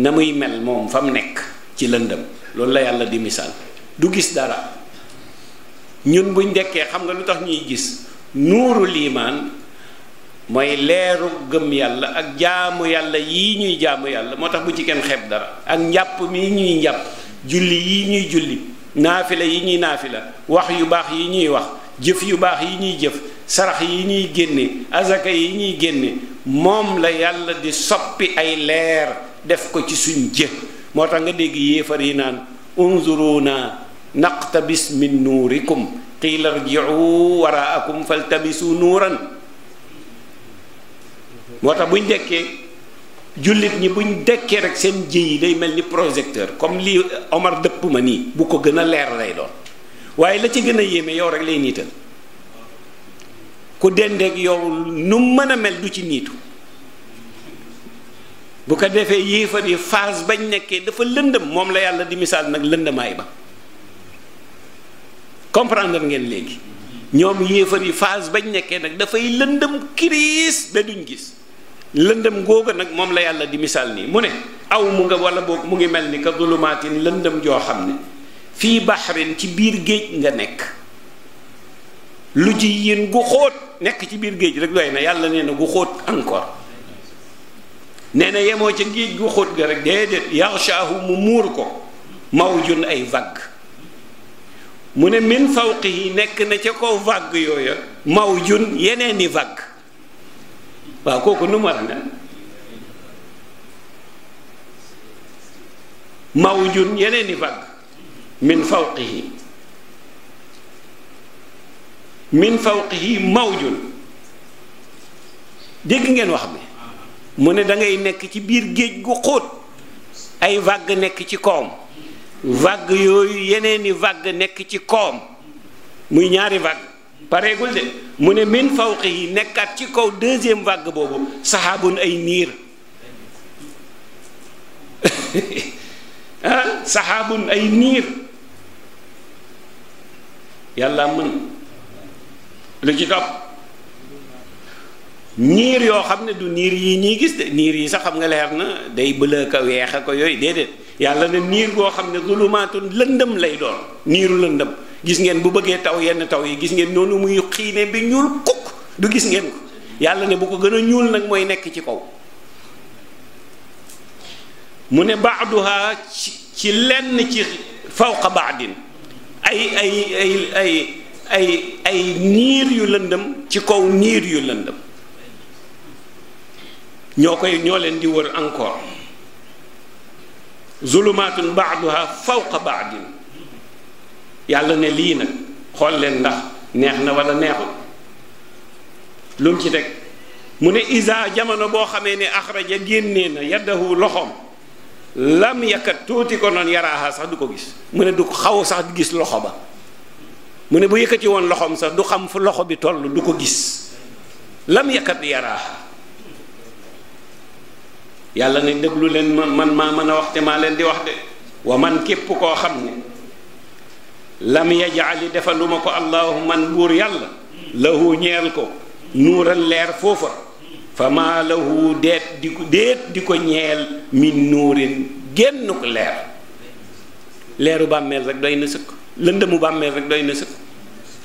na muy mel moom fa mu nekk ci lëndëm loolu la yàlla di misaal du gis dara ñun buñ dekkee xam nga lu tax ñuy gis nuuru liimaan mooy leeru gëm yàlla ak jaamu yàlla yi ñuy jaamu yàlla moo tax bu ci kenn xeeb dara ak njàpp mi ñuy njàpp julli yi ñuy julli naafila yi ñuy naafila wax yu baax yi ñuy wax jëf yu baax yi ñuy jëf sarax yi ñuy génne azaka yi ñuy génne moom la yàlla di soppi ay leer def ko ci suñ jëf moo tax nga dégg yéefar yi naan unzuruna naqtabis min nuurikum qiila rji'u waraakum faltabisu nuuran moo tax buñ dekkee jullit ñi buñ dekkee rek seen jëy yi day mel ni projecteur comme lii Omar dëpp ma nii bu ko gën a leer lay doon waaye la ci gën a yéeme yow rek lay niital ku dendeeg yow nu mën a mel du ci niitu bu ko defee yéefar yi phase bañ nekkee dafa lëndëm moom la yàlla di misaal nag lëndamaay ba comprendre ngeen léegi ñoom yéefar yi phase bañ nekkee nag dafay lëndëm kiriis gis lëndëm googa nag moom la yàlla di misaal nii mu ne aw mu nga wala boog mu ngi mel ni ka zulumaatin lëndëm joo xam ne fii baxrin ci biir géej nga nekk lu ji yéen gu xóot nekk ci biir géej rek doy na yàlla nee na gu xóot encore nee na yemoo ca géej gu xóot ga rek déedéet yaxshaahu mu muur ko maw jun ay vague mu ne min fawqihi nekk na ca kaw vague yooya mawjun yeneeni vague waaw kooku nu mu mawjun yeneeni vague min fawqihi min fawqihi mawjun dégg ngeen wax bi mu ne dangay nekk ci biir géej gu xóot ay vague nekk ci koom vague yooyu yeneeni vague nekk ci koom muy ñaari vague pareegul de mu ne min fawqihi nekkaat ci kaw deuxième vague boobu saxaabun ay niir [laughs] ah saxaabun ay niir yàlla mën lu ci topp niir yoo xam ne du niir yi ñuy gis de niir yi sax xam nga leer na day bëlëk weex a ko yooyu déedéet yàlla ne niir goo xam ne zulumaatun lëndëm lay doon niiru lëndëm gis ngeen bu bëggee taw yenn taw yi gis ngeen noonu muy xiine bi ñuul kukk du gis ngeen ko yàlla ne bu ko gën a ñuul nag mooy nekk ci kaw mu ne baaduha ci lenn ci fawqa baadin ay ay ay ay ay ay niir yu lëndëm ci kaw niir yu lëndëm ñoo koy ñoo leen di wër encore zulumaatun baaduha fawqa baadin yàlla ne lii nag xool leen ndax neex na wala neexul lu mu ci teg mu ne isa jamono boo xamee ne axraja génnee na yaddahu loxoom lam yàkkat tuuti ko noonu yaraaxaa sax du ko gis mu ne du xaw sax du gis loxo ba mu ne bu yëkkati woon loxoom sax du xam fu loxo bi toll du ko gis lam yàkkat yàlla ne déglu leen ma man maa mën a wax te maa leen di wax de wa man képp koo xam ne lam yajaali defaluma ko allahu man buur yàlla lahu ñeel ko nuural leer foofa fa maa lahu deet di ko déet di ko ñeel min nóorin génn ko leer leeru bàmmeel rek doy na sëkk lëndëmu bàmmeel rek doy na sëkk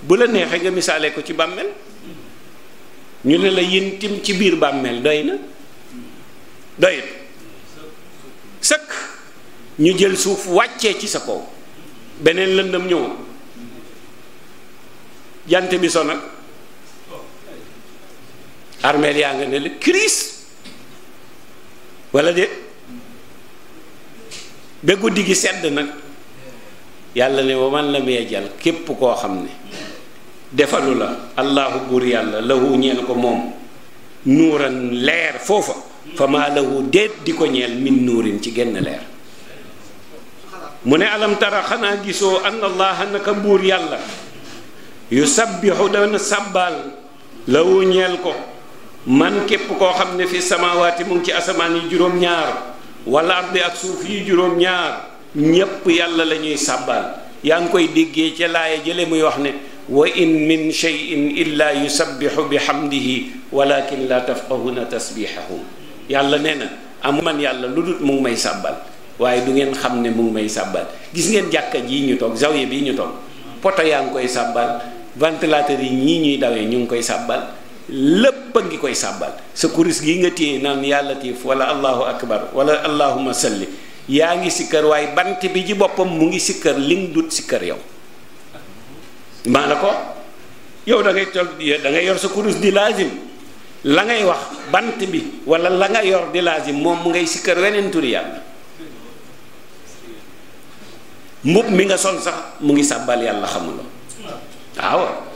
bu la neexee nga misaale ko ci bàmmeel ñu ne la yëntim ci biir bàmmeel doy na doyut sëkk ñu jël suuf wàccee ci sa kow beneen lëndëm ñëw jant bi so nag armeel yaa nga ne la crise wala de ba guddi gi sedd nag yàlla ne wa man la meejal képp koo xam ne defalu la allahu buur yàlla lahu ñeel ko moom nuuran leer foofa fa maa lahu déet di ko ñeel min nuurin ci genn leer mu ne alam tara xanaa gisoo an allaha naka buur yàlla yu sabbixu dana sàbbaal lahu ñeel ko man képp koo xam ne fi samaawaati mu ngi ci asamaan yi juróom-ñaar wala ardi ak suuf yi juróom-ñaar ñépp yàlla la ñuy sàbbaal yaa ngi koy déggee ca laaya jële muy wax ne wa in min shay'in illa yusabbihu bihamdihi walakin la tafqahuna tasbihahum yàlla nee na am man yàlla lu dut mu may sàbbal waaye du ngeen xam ne mu may sàbbal gis ngeen jàkka jii ñu toog zawiya bii ñu toog poto yaa ngi koy sàbbal ventilateur yi ñii ñuy dawee ñu ngi koy sàbbal lépp a ngi koy sàbbal sa kuris gi nga téye naan yàlla tiif wala allahu akbar wala allahuma salli yaa ngi sikkar waaye bant bi ci boppam mu ngi sikkar ling dut sikkar yow maa la ko yow da ngay tol da yor sa kurus di laazim la ngay wax bant bi wala la nga yor di laazim moom mu ngay sikkar weneen turi yàlla mbub mi nga sol sax mu ngi sàbbal yàlla xamuloo waaw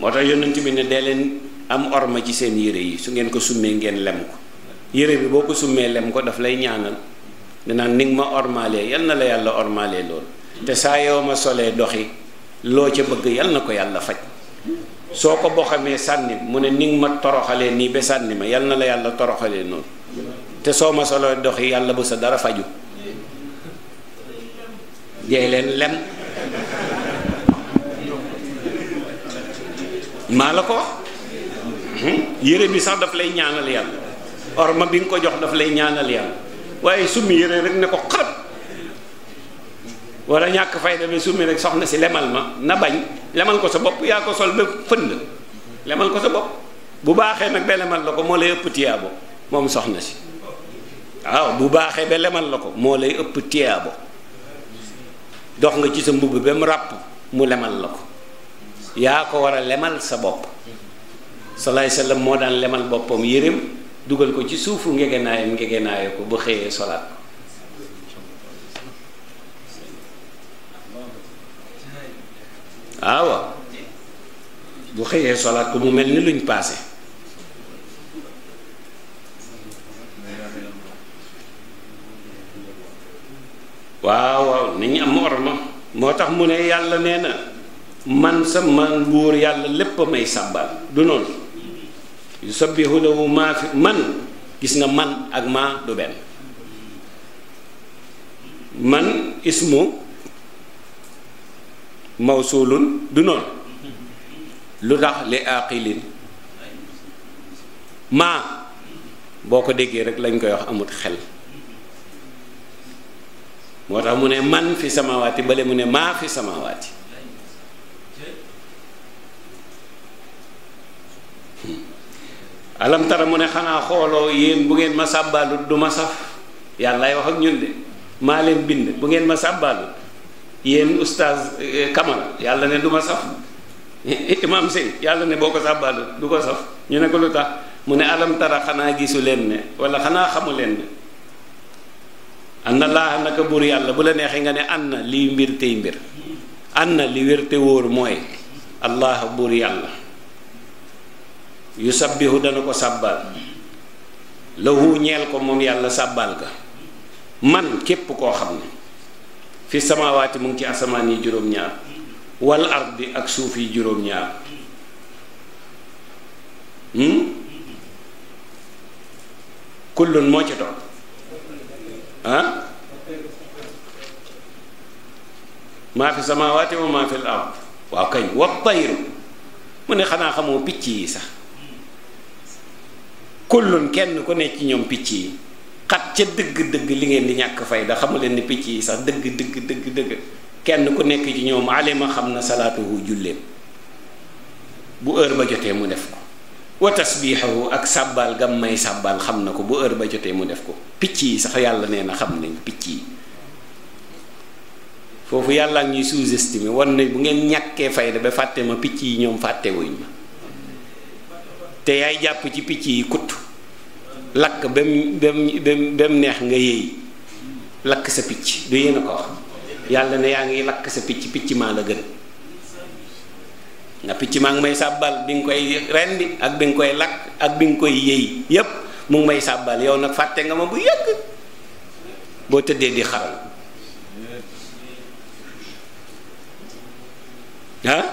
moo tax yonent bi ne dee leen am orma ci seen yére yi su ngeen ko summee ngeen lem ko yére bi boo ko summee lem ko daf lay ñaanal danaan ni ma ormaalee yal na la yàlla ormaalee loolu te saa yoo ma solee doxi loo ca bëgg yal na ko yàlla faj soo ko boo xamee sànni mu ne ni ma toroxalee nii ba sànni ma yal na la yàlla toroxalee noonu te soo ma solee doxi yàlla bu sa dara faju dee leen lem maa la ko wax hmm? yére bi sax daf lay ñaanal yàlla orma bi nga ko jox daf lay ñaanal yàlla waaye summi yére rek ne ko xërëb wala ñàkk fay demee summi rek soxna si lemal ma na bañ lemal ko sa bopp yaa ko sol ba fënd lemal ko sa bopp bu baaxee nag ba la ko moo lay moom soxna si waaw bu baaxee ba lemal la ko moo lay ëpp tiyaabo dox nga ci sa mbubb ba mu ràpp mu lemal la ko yaa ko war a lemal sa bopp sa sallam moo daan lemal boppam yéreem dugal ko ci suufu ngegenaayam ngegenaayo ko bu xëyee solaat ko waaw bu xëyee solaat ko mu mel ni luñ paase waaw waaw nit ñi am orma moo tax mu ne yàlla nee na man sa man buur yàlla lépp may sàbbal du noonu yu sabbihu lahu maa fi man gis nga man ak maa du benn man ismu mawsulun du noonu lu tax li aqilin maa boo ko déggee rek lañ koy wax amut xel moo tax mu ne man fi samawaati bale mu ne maa fi samawaati alam tara mu ne xanaa xooloo yéen bu ngeen ma sàbbaalut duma ma saf yàllaay wax ak ñun de maa leen bind bu ngeen ma sàbbaalut yéen oustaz eh, Kamal yàlla ne du ma saf [laughs] imam Sëñ yàlla ne boo ko sàbbaalut du ko saf ñu ne ko lu tax mu ne alam tara xanaa gisu leen ne wala xanaa xamu leen ne an na laa naka buur yàlla bu la neexee nga ne an na liy mbir tey mbir an na li wér te wóor mooy allah buur yàlla yu sabbihu dana ko sàbbal lahu ñeel ko moom yàlla sàbbal ga man képp koo xam ne fi samawaati mu ngi ci asamaan yi juróom-ñaar wal ardi ak suuf yi juróom-ñaar hmm? kullun moo ci toog ah? maa fi samawaati wa maa fi ard waaw kañ wa tayru mu ne xanaa xamoo picc yi sax kullun kenn ku nekk ci ñoom picc yi xat ca dëgg-dëgg li ngeen di ñàkk fayda xamu leen ni picc yi sax dëgg dëgg dëgg dëgg kenn ku nekk ci ñoom alima xam na salaatuhu julleem bu heure ba jotee mu def ko wa ak sàbbaal may sàbbaal xam na ko bu heure ba jotee mu def ko picc yi sax yàlla nee na xam nañ picc yi foofu yàlla ak ñuy sous-estimer wan ne bu ngeen ñàkkee fayda ba fàttee ma picc yi ñoom fàttewuñ ma te yaay jàpp ci picc yi kutt lakk ba mu ba mu neex nga yéey lakk sa picc du yéen a ko yàlla ne yaa ngi lakk sa picc picc maa la gën nga picc maa ngi may sàbbal bi nga koy rendi ak bi nga koy lakk ak bi nga koy yéey yépp mu ngi may sàbbal yow nag fàtte nga ma bu yëgg boo tëddee di xaral ah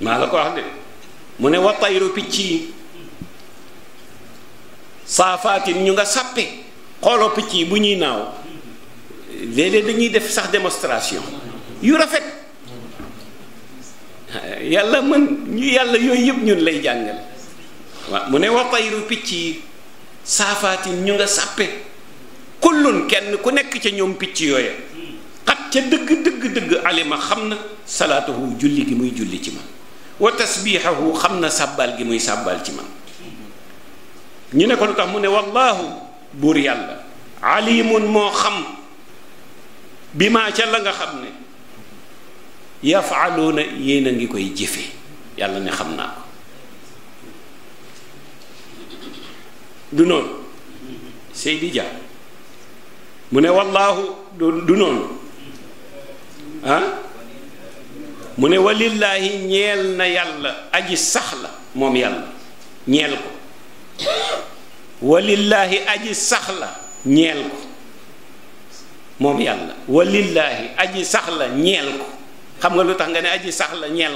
maa la ko wax de mu ne wa picc yi saafaatin ñu nga sàppe xooloo picc yi bu ñuy naaw léeg-léeg dañuy def sax démonstration yu rafet yàlla mën ñu yàlla yooyu yëpp ñun lay jàngal waaw mu ne wa picc yi saafaatin ñu nga sàppe kullun kenn ku nekk ca ñoom picc yooya xat ca dëgg dëgg dëgg alima xam na salaatuhu julli gi muy julli ci man wa tasbiixahu xam na sàbbaal gi muy sàbbaal ci man ñu ne ko lu tax mu ne wallaahu buur yàlla alimun moo xam bi maa ca la nga xam ne yafaaluuna yéen a ngi koy jëfe yàlla ne xam naa ko du noonu Seydi Dia mu ne wallaahu du noonu ah? mu ne walillaahi ñeel na yàlla aji sax la moom yàlla ñeel ko walillaahi aji sax la ñeel ko moom yàlla walillaahi aji sax la ñeel ko xam nga lu tax nga ne aji sax la ñeel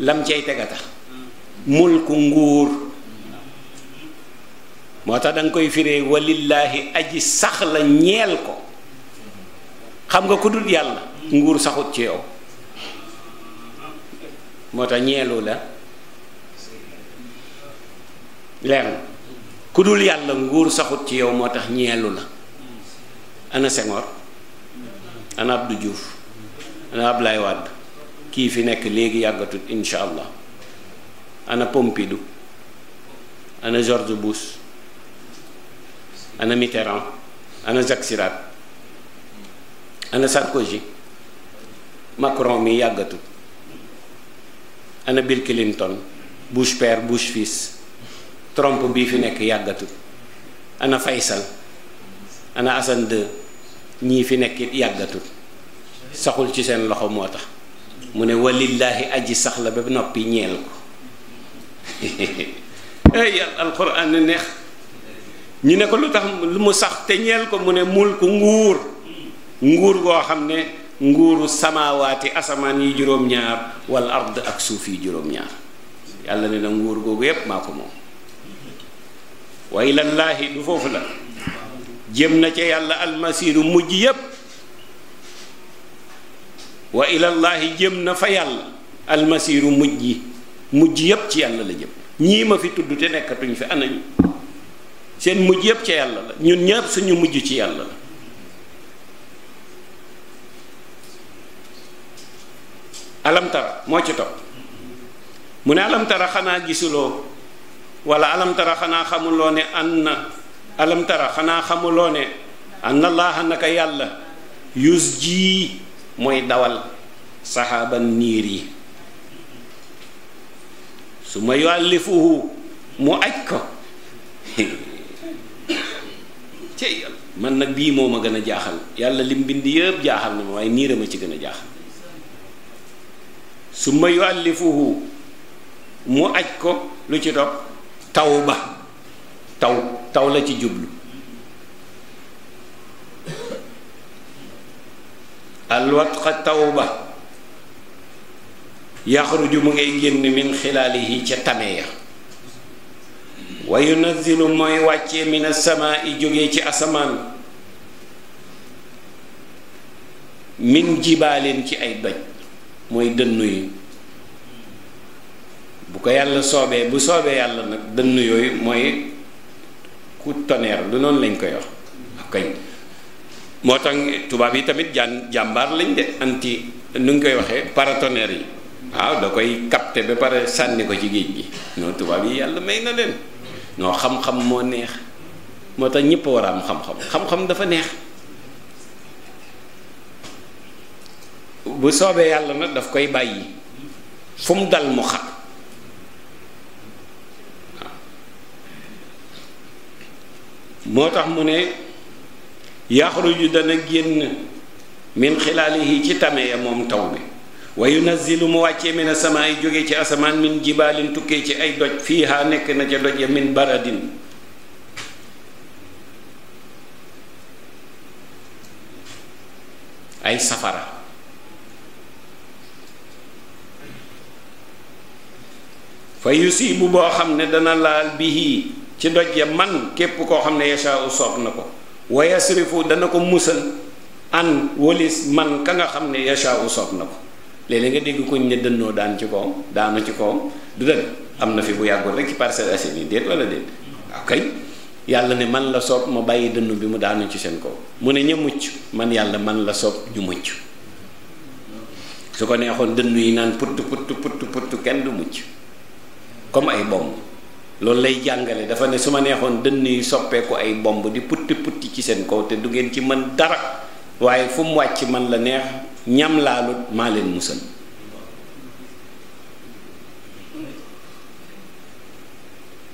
lam cay teg a tax mulku nguur moo tax da nga koy firee walillaahi aji sax la ñeel ko xam nga ku dul yàlla nguur saxut ci yow moo tax ñeelu la leer na ku dul yàlla nguur saxut ci yow moo tax ñeelu la ana Senghor ana Abdou Diouf ana Ablaye Wade kii fi nekk léegi yàggatut insha allah ana Pompidou ana George Bush ana Mitterrand ana Jacques ana Sarkozy Macron mi yàggatut ana Bill Clinton Bush père Bush fils Trump bii fi nekk yàggatul ana Faysal ana Assane II ñii fi nekk yàggatul saxul ci seen loxo moo tax mu ne walillaahi aji sax la ba noppi ñeel ko ay [laughs] eh, alxuraan neex ñu ne ko lu tax lu mu sax te ñeel ko mu ne mul ku nguur nguur goo xam ne nguuru samawaati asamaan yi juróom-ñaar wal ard ak suuf yi juróom-ñaar yàlla ne na nguur googu yépp maa ko moom wa ilallaahi du foofu la jëm na ca yàlla almasiiru mujj yépp wa ilallaahi jëm na fa yàlla almasiiru mujj yi mujj yépp ci yàlla la jëm ñii ma fi tudd te nekkatuñ fi anañu seen mujj yépp ca yàlla la ñun ñëpp suñu mujj ci yàlla la alamtara moo ci topp mu ne alamtara xanaa gisuloo walla alamtara xanaa xamuloo ne an na alamtara xanaa xamuloo ne an allaha naka yàlla yus jii mooy dawal saxaaban niir yi su ma yuallifuhu mu aj ko [laughs] man nag bii moo ma gën a jaaxal yàlla lim bind yëpp jaaxal na ma waaye niir a ci gën a jaaxal summa yuallifuhu mu aj ko lu ci topp tawba taw taw la ci jublu taw ba yaxruju mu ngay génn min xilaalihi ca tame ya wa yunazilu mooy wàccee min asamaai jógee ci asamaan min jibaalin ci ay doj mooy dënnu yi bu ko yàlla soobee bu soobee yàlla nag dënnu yooyu mooy ku tonnerre lu noonu lañ koy wax kañ moo tax tubaab yi tamit jaan jàmbaar lañ de anti nu ngi koy waxee paratonnerre yi waaw da koy capter ba pare sànni ko ci géej gi non tubaab yi yàlla may na leen noo xam-xam moo neex moo tax ñëpp war a am xam-xam xam-xam dafa neex bu soobee yàlla nag daf koy bàyyi fu dal mu xam moo tax mu ne yaxruju dana génn min xilaalihi ci tame ya moom taw bi wa yunazilu mu wàccee min asamaa yi jóge ci asamaan min jibaalin tukkee ci ay doj fiiha nekk na ca doj ya min baradin ay safara fa bu boo xam ne dana laal bihi ci doj ya man képp koo xam ne yashaau soob na ko wa yasrifu dana ko musal an wolis man ka nga xam ne yashaau soob na ko léeg nga dégg koñ ne dënnoo daan ci kawam daanu ci kawam du dëgg am na fi bu yàggul rek ci Parcelles Assainies yi déet wala déet waaw ah, kay yàlla ne man la soob mu bàyyi dënn bi mu daanu ci seen kaw mu ne ña mucc man yàlla man la soob ñu mucc su ko neexoon dënn yi naan putt putt putt putt kenn du mucc comme ay bomb loolu lay jàngale dafa ne su ma neexoon dënn yu soppeeku ay bomb di putti putti ci seen kaw te du ngeen ci man dara waaye fu mu wàcc man la neex ñam laalut maa leen musal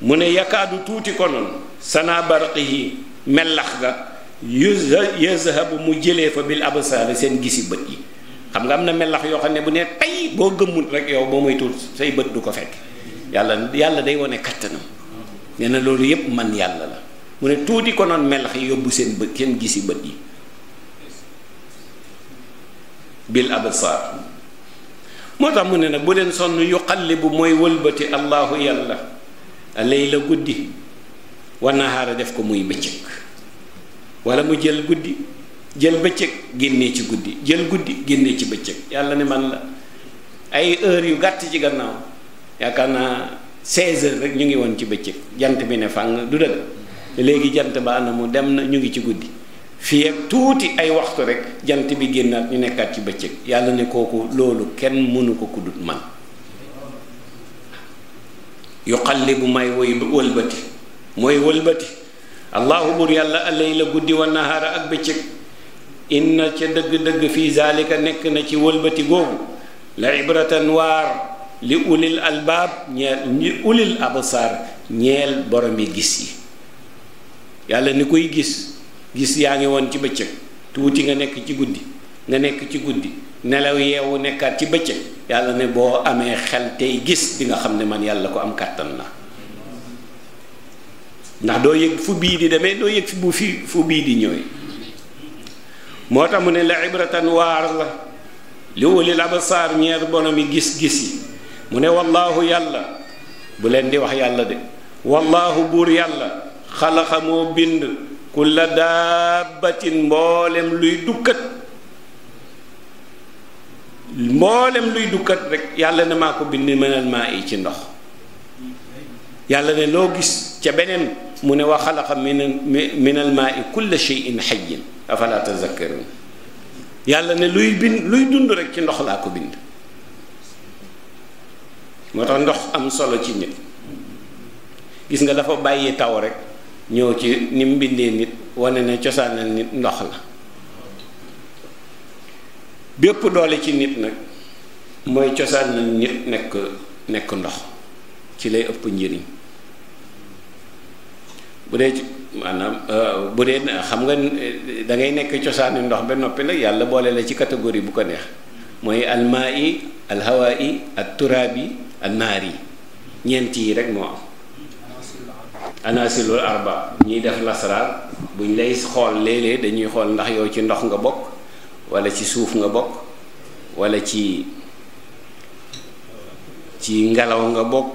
mu ne yakaadu tuuti ko noonu sanaa barqihi mellax ga yëzhabu mu jëlee fa bil absaar seen gisi bët yi xam nga am na mellax yoo xam ne bu ne tey boo gëmmul rek yow boo moytul say bët du ko fekk yàlla yàlla day wane kattanam nee loolu yépp man yàlla la mu ne tuuti ko noon melax yi yóbbu seen bët seen gisi bët yi bil absar moo tax mu ne nag bu leen sonn bu mooy wëlbati allahu yàlla layla guddi wa nahaara def ko muy bëccëg wala mu jël guddi jël bëccëg génnee ci guddi jël guddi génnee ci bëccëg yàlla ne man la ay heure yu gàtt ci gannaaw yaakaar naa 16 heures rek ñu ngi woon ci bëccëg jant bi ne fàng du dëgg léegi jant ba na mu dem na ñu ngi ci guddi fii ak tuuti ay waxtu rek jant bi génnaat ñu nekkaat ci bëccëg yàlla ne kooku loolu kenn mënu ko kuddut man yuqallibu may woy wëlbati mooy wëlbati allahu bur yàlla allayla guddi wa nahaara ak bëccëg na ca dëgg-dëgg fii zalika nekk na ci wëlbati googu la ibratan waar li ulil albaab ñeel li ulil yi gis yi yàlla ni kuy gis gis yaa ngi woon ci bëccëg tuuti nga nekk ci guddi nga nekk ci guddi nelaw yeewu nekkaat ci bëccëg yàlla ne boo amee xel tey gis di nga xam ne man yàlla ko am kàttan la ndax doo yëg fu bii di demee doo yëg fu bii di ñëwee moo tax mu ne la ibratan waar la li ulil absar ñeel borom gis-gis yi mu ne wallaahu yàlla bu leen di wax yàlla de wallaahu buur yàlla xalaxa moo bind kulla daabatin mboolem luy dukkat mboolem luy dukkat rek yàlla ne maa ko bind mënal maa ci ndox yàlla ne loo gis ca beneen mu ne wa xalaqa min minal maa i kulla shay'in xayyin afala tazakkarun yàlla ne luy bind luy dund rek ci ndox laa ko bind moo tax ndox am solo ci nit gis nga dafa bàyyi taw rek ñëw ci ni mu bindee nit wane ne cosaanal nit ndox la bépp doole ci nit nag mooy cosaanal nit nekk nekk ndox ci lay ëpp njëriñ bu dee maanaam euh, bu dee xam nga dangay ngay nekk cosaanu ndox ba noppi nag yàlla boole la ci catégorie bu ko neex mooy almaa yi alhawaa yi ak turaab yi annaar yi ñeent yi rekk moo am anasilul arba ñuy def lasraar buñ lay xool léeg-léeg dañuy xool ndax yow ci ndox nga bokk walla ci suuf nga bokk wala ci ci ngelaw nga bokk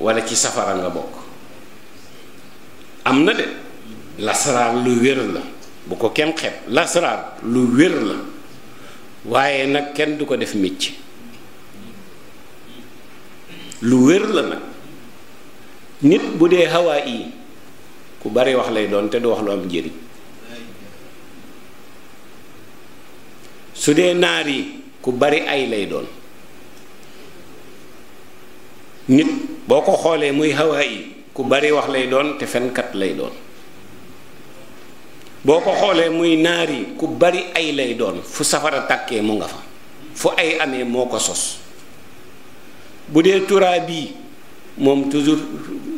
wala ci safara nga bokk am na de lasraar lu wér la bu ko kenn xeeb lasraar lu wér la waaye nag kenn du ko def micc lu wér la nag nit bu dee hawaa ku bari wax lay doon te du wax lu am njëriñ su dee naar yi ku bari ay lay doon nit boo ko xoolee muy hawaa ku bari wax lay doon te fenkat lay doon boo ko xoolee muy naar yi ku bari ay lay doon fu safara tàkkee mu nga fa fu ay amee moo ko sos bu dee turaa bii moom toujours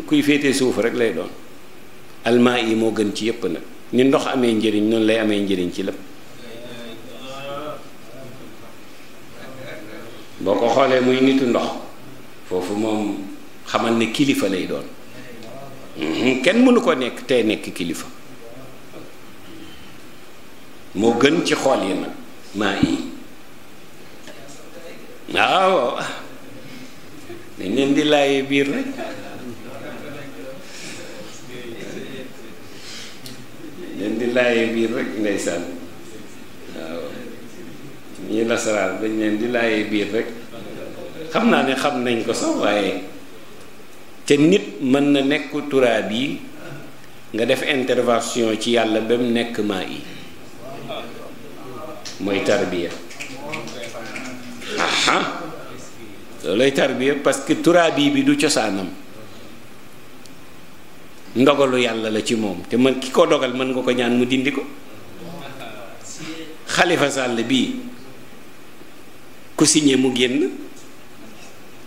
kuy féete suuf rek lay doon almaa yi moo gën ci yépp nag ni ndox amee njëriñ noonu lay amee njëriñ ci lépp boo ko xoolee muy nitu ndox foofu moom xamal ni kilifa lay doon mhm, kenn mënu ko nekk tey nekk kilifa moo gën ci xool yi nag maa yi waaw leen di laaye biir rek leen di laaye biir rek ndeysaan waaw ñii lasaraar dañ leen di laaye biir rek xam naa ni xam nañ ko sax waaye te nit mën na nekk turaab yi nga def intervention ci yàlla ba mu nekk maa yi mooy tarbiya lay tarbiya parce que turaabi bi du cosaanam ndogalu yàlla la ci moom te man ki ko dogal mën nga ko ñaan mu dindi ko xalifa sàll bii ku signé mu génn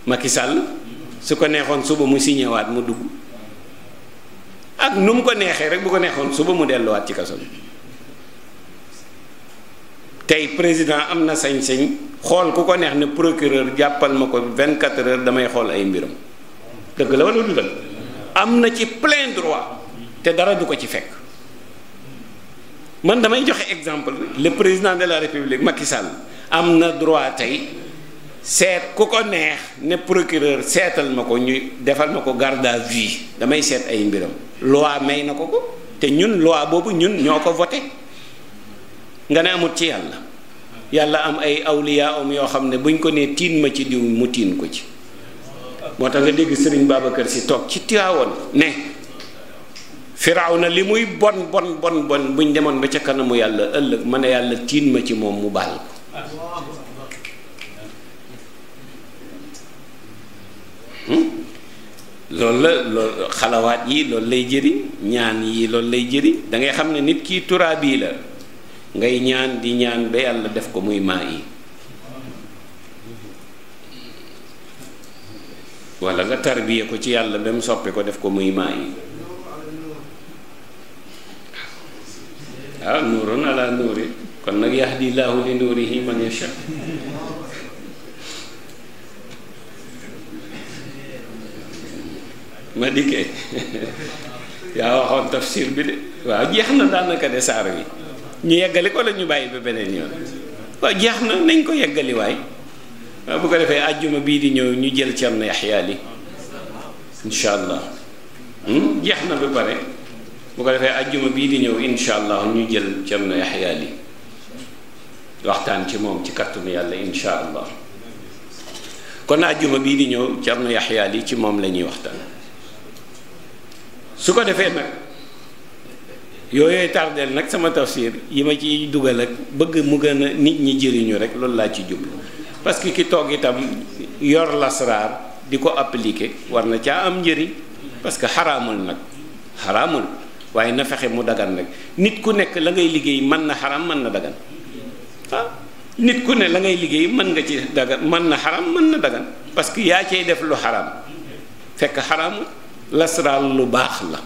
Macky sàll su ko neexoon suba mu signé waat mu dugg ak nu mu ko neexee rek bu ko neexoon suba mu delluwaat ci kaso tey président am na sañ-sañ xool ku ko neex ne procureur jàppal ma ko 24 heures damay xool ay mbiram dëgg la wala du dëgg am na ci plein droit te dara du ko ci fekk man damay joxe exemple bi le président de la république Macky Sall am na droit tey seet ku ko neex ne procureur seetal ma ko ñu defal ma ko garde à vue damay seet ay mbiram loi may na ko ko te ñun loi boobu ñun ñoo ko voté nga ne amut ci yàlla yàlla am ay awliya om yoo xam ne buñ ko nee tiin ma ci diw mu tiin ko ci moo tax nga dégg sëriñ Babacar si toog ci Tiwaawoon ne na li muy bon bon bon bon buñ demoon ba ca kanamu yàlla ëllëg ma ne yàlla tiin ma ci moom mu baal ko hmm? loolu la xalawaat yi loolu lay jëriñ ñaan yi loolu lay jëriñ da ngay xam ne nit kii turaa bii la ngay ñaan di ñaan ba yàlla def ko muy maa yi wala nga tarbiye ko ci yàlla ba mu soppi ko def ko muy maa yi ah nuurun ala nuuri kon nag yahdi laahu li nuurihi man yasha ma dikkee [laughs] yaa waxoon tafsir bi de waaw jeex na daanaka de saar wi ñu yeggale ko la ñu bàyyi ba beneen yoon jeex na nañ ko yeggali waay bu ko defee àjjuma bii di ñëw ñu jël Cerno Yaxya li incha allah hmm? jeex na ba pare bu ko defee àjjuma bii di ñëw incha allah ñu jël Cerno Yaxya li waxtaan ci moom ci kàttanu yàlla incha allah kon àjjuma bii di ñëw Cerno Yaxya ci moom la ñuy waxtaan su ko defee nag. yooyooy tardeel nag sama tafsir yi ma ci dugal ak bëgg mu gën a nit ñi jëriñu rek loolu laa ci jublu parce que ki toog itam yor lasraar di ko appliquer war na caa am njëriñ parce que xaraamul nag xaraamul waaye na fexe mu dagan rek nit ku nekk la ngay liggéey mën na xaraam mën na dagan ah nit ku ne la ngay liggéey mën nga ci dagan mën na xaraam mën na dagan parce que yaa cay def lu xaraam fekk xaraamul lasraar lu baax la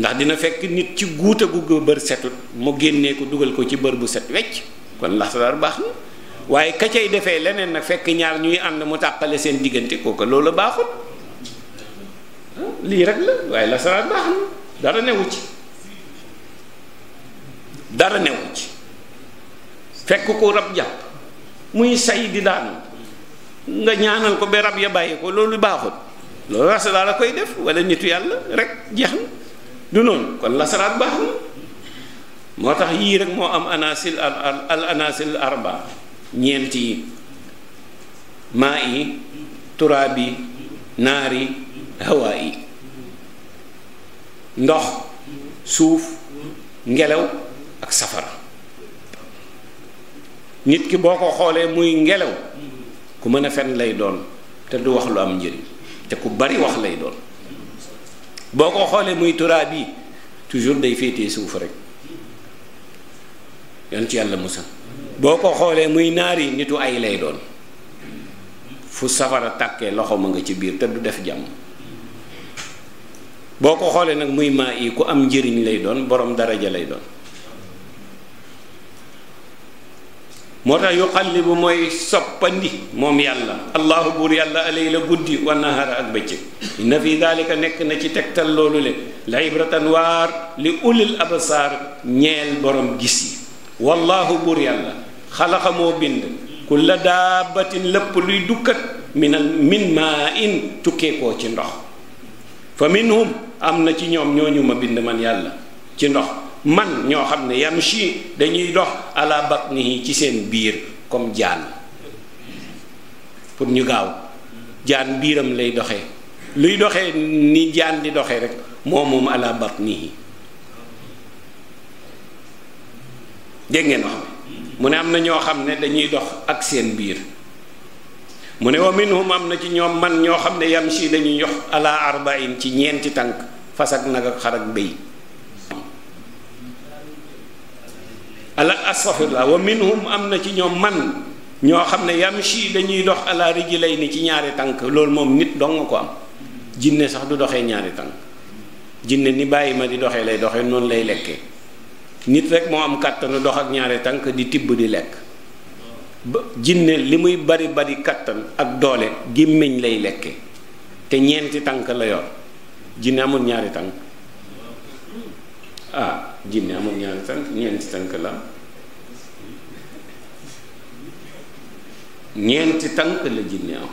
ndax dina fekk nit ci guuta gu bër setut mu génnee ko dugal ko ci bër bu set wecc kon laxdar baax na waaye ka cay defee leneen nag fekk ñaar ñuy ànd mu tàqale seen diggante kooka loolu baaxul ah, lii rek la waaye laxdar baax dara newu ci dara newu ci ko rab jàpp muy say di daanu nga ñaanal ko ba ya bàyyi ko loolu baaxul loolu laxdar la koy def wala nitu yàlla rek jeex na du noonu kon lasaraat baax na moo tax yii rek moo am anasil al anasil arba ñeent yi maa yi turaabi naari hawaa yi ndox suuf ngelaw ak safara nit ki boo ko xoolee muy ngelaw ku mën a fen lay doon te du wax lu am njëriñ te ku bari wax lay doon boo ko xoolee muy turaab yi toujours day féete suuf rek yan ci yàlla musa boo ko xoolee muy naar yi nitu ay lay doon fu safara tàkkee loxo ma nga ci biir te du def jàmm boo ko xoolee nag muy maa yi ku am njëriñ lay doon borom daraja lay doon moo tax yuqallibu mooy soppandi moom yàlla allahu buur yàlla alay la guddi wa nahara ak bëccëg inna fi daalika nekk na ci tegtal loolu le la ibratan waar li ulil absaar ñeel borom gis yi wallahu buur yàlla xalaqa moo bind kulla daabatin lépp luy dukkat minal min maa in tukkeekoo ci ndox fa minhum am na ci ñoom ñooñu ma bind man yàlla ci ndox man ñoo xam ne yamshi dañuy dox ala batnihi ci seen biir comme jaan pour ñu gaaw jaan biiram lay doxe luy doxee ni jaan di doxe rek moo moom ala batnihi dégg wax mu ne am na ñoo xam ne dañuy dox ak seen biir mu ne wa minhum am na ci ñoom man ñoo xam ne yamshi dañuy yox ala arba'in ci ñeenti tànk fas ak nag ak xar ak béy ala astafirlah wa minhum am na ci ñoom man ñoo xam ne yamshi dañuy dox ji lay ni ci ñaari tànk loolu moom nit dong ko am jinne sax du doxee ñaari tànk jinne ni bàyyi ma di doxee lay doxee noonu lay lekkee nit rek moo am kàttanu dox ak ñaari tànk di tibb di lekk ba jinne li muy bari bari kàttan ak doole gémmiñ lay lekke te ñeenti tànk la yor jinne amul ñaari tànk ah jinne amul ñaari tànk ñeenti tànk la ñeenti tànk la jinne am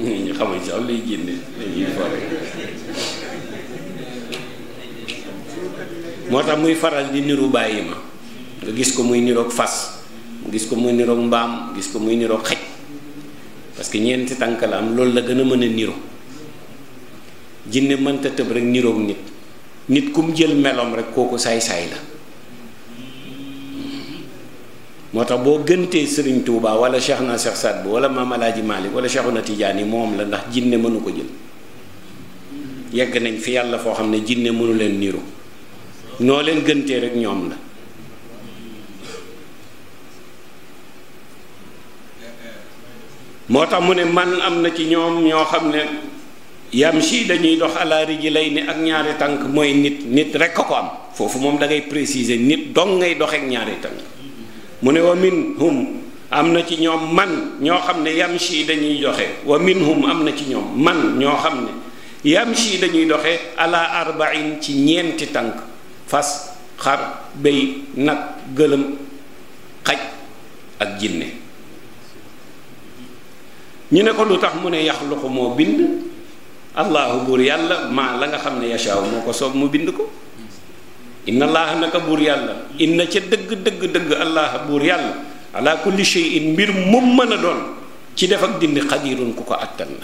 ñu xamuñ sax luy jinne moo tax muy faral di niru bàyyi ma nga gis ko muy niroog fas gis ko muy niroog mbaam gis ko muy niroog xaj parce que ñeenti tànk la am loolu la gën a mën a niro jinne mënta tëb rek niroog nit nit ku mu jël meloom rek kooku saay-saay la moo tax boo gëntee Sëriñ Tuubaa wala Cheikh na Cheikh Saad Bou wala Maam Alaaji Maalik wala Cheikhu na Tijaani moom la ndax jinne mënu ko jël yegg nañ fi yàlla foo xam ne jinne mënu leen niru noo leen gëntee rek ñoom la moo tax mu ne man am na ci ñoom ñoo xam ne yam yamshi dañuy dox lay rijlayni ak ñaari tànk mooy nit nit rekk ko ko am foofu moom dangay ngay préciser nit dong ngay doxee ak ñaari tànk mu ne wa am na ci ñoom man ñoo xam ne yamshi dañuy doxee wa minhum am na ci ñoom man ñoo xam ne yamshi dañuy doxe ala arba'in ci ñeenti tànk fas xar béy nag gëlëm xaj ak jinne ñu ne ko lu tax mu ne yaxluqu moo bind allahu buur yàlla maa la nga xam ne yashaaw moo ko soob mu bind ko inna allaha naka buur yàlla inna ca dëgg dëgg dëgg allaha buur yàlla ala kulli shay'in mbir moom mën a doon ci def ak dindi xadirun ku ko attan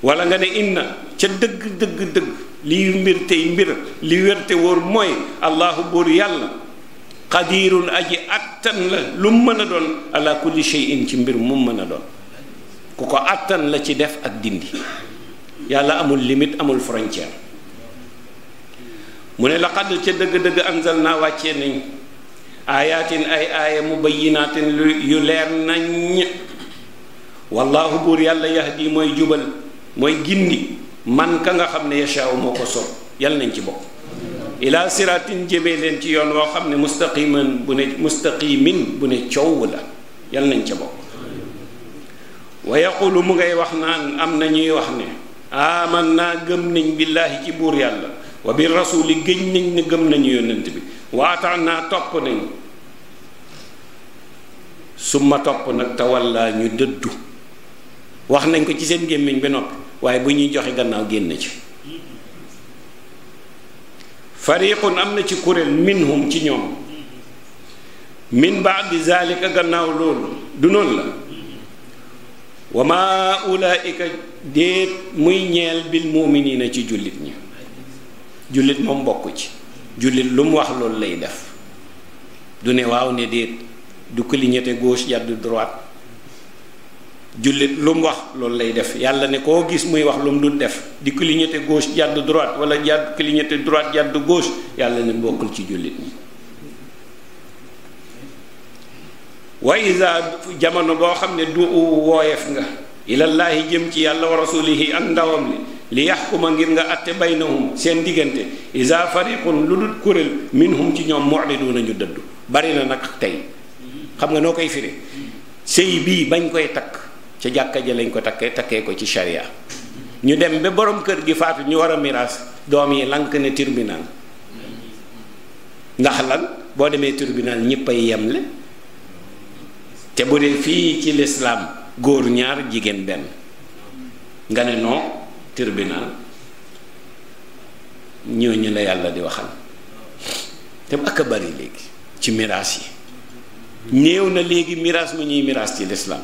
wala nga ne inna ca dëgg dëgg mbir tey mbir li wérte wóor mooy allahu buur yàlla xadirun aji attan la a doon ala kulli shay'in ci mbir moom mën a doon ku ko attan la ci def ak dindi yàlla amul limite amul frontière mu ne laqad ca dëgg-dëgg anzal naa wàccee nañ aayaatin ay aaya mubayyinaatin yu leer nañ wallaahu buur yàlla yahdi mooy jubal mooy gindi man ka nga xam ne yashaaw moo ko soob yàlla nañ ci bokk ilaa siraatin jëmee leen ci yoon woo xam ne mustaqiman bu ne mustaqimin bu ne coow la yàlla nañ ca bokk wa mu ngay wax naan am na ñuy wax ne aman naa gëm nañ billaahi ci buur yàlla wa bi rasuuli géñ nañ ne gëm nañu yónnent bi waataan naa topp nañ su ma topp nag tawallaa ñu dëddu wax nañ ko ci seen gémmiñ ba noppi waaye bu ñuy joxe gannaaw génn ci fariqun am na ci kuréel minhum ci ñoom min baadi zalika gannaaw loolu du la wa ma ulaika déet muy ñeel bil na ci jullit ñi jullit moom bokk ci jullit lu mu wax loolu lay def du ne waaw ne déet du clignoter gauche jàdd droite jullit lu mu wax loolu lay def yàlla ne koo gis muy wax lu mu dul def di clignoter gauche jàdd droite wala jàdd clignoter droite jàdd gauche yàlla ne bokkul ci jullit ñi wa iza jamono boo xam ne du wooyeef nga ilallaahi jëm ci yàlla wa rasulihi ak ndawam li li yaxkuma ngir nga atte baynahum seen diggante isa fariqun lu dul kuréel minhum ci ñoom mu'riduna ñu dëddu bari na nag tey xam nga noo koy firi sëy bii bañ koy takk ca jàkka ja lañ ko takkee takkee ko ci sharia ñu dem ba boroom kër gi faatu ñu war a miraas doom yi lank ne tribunal ndax lan boo demee tribunal ñëpp ay yemle te bu dee fii ci lislaam góor ñaar jigéen benn nga ne non tribunal ñooñu la yàlla di waxal te ak a bari léegi ci miraas yi néew na léegi miraas mu ñuy miraas ci lislaam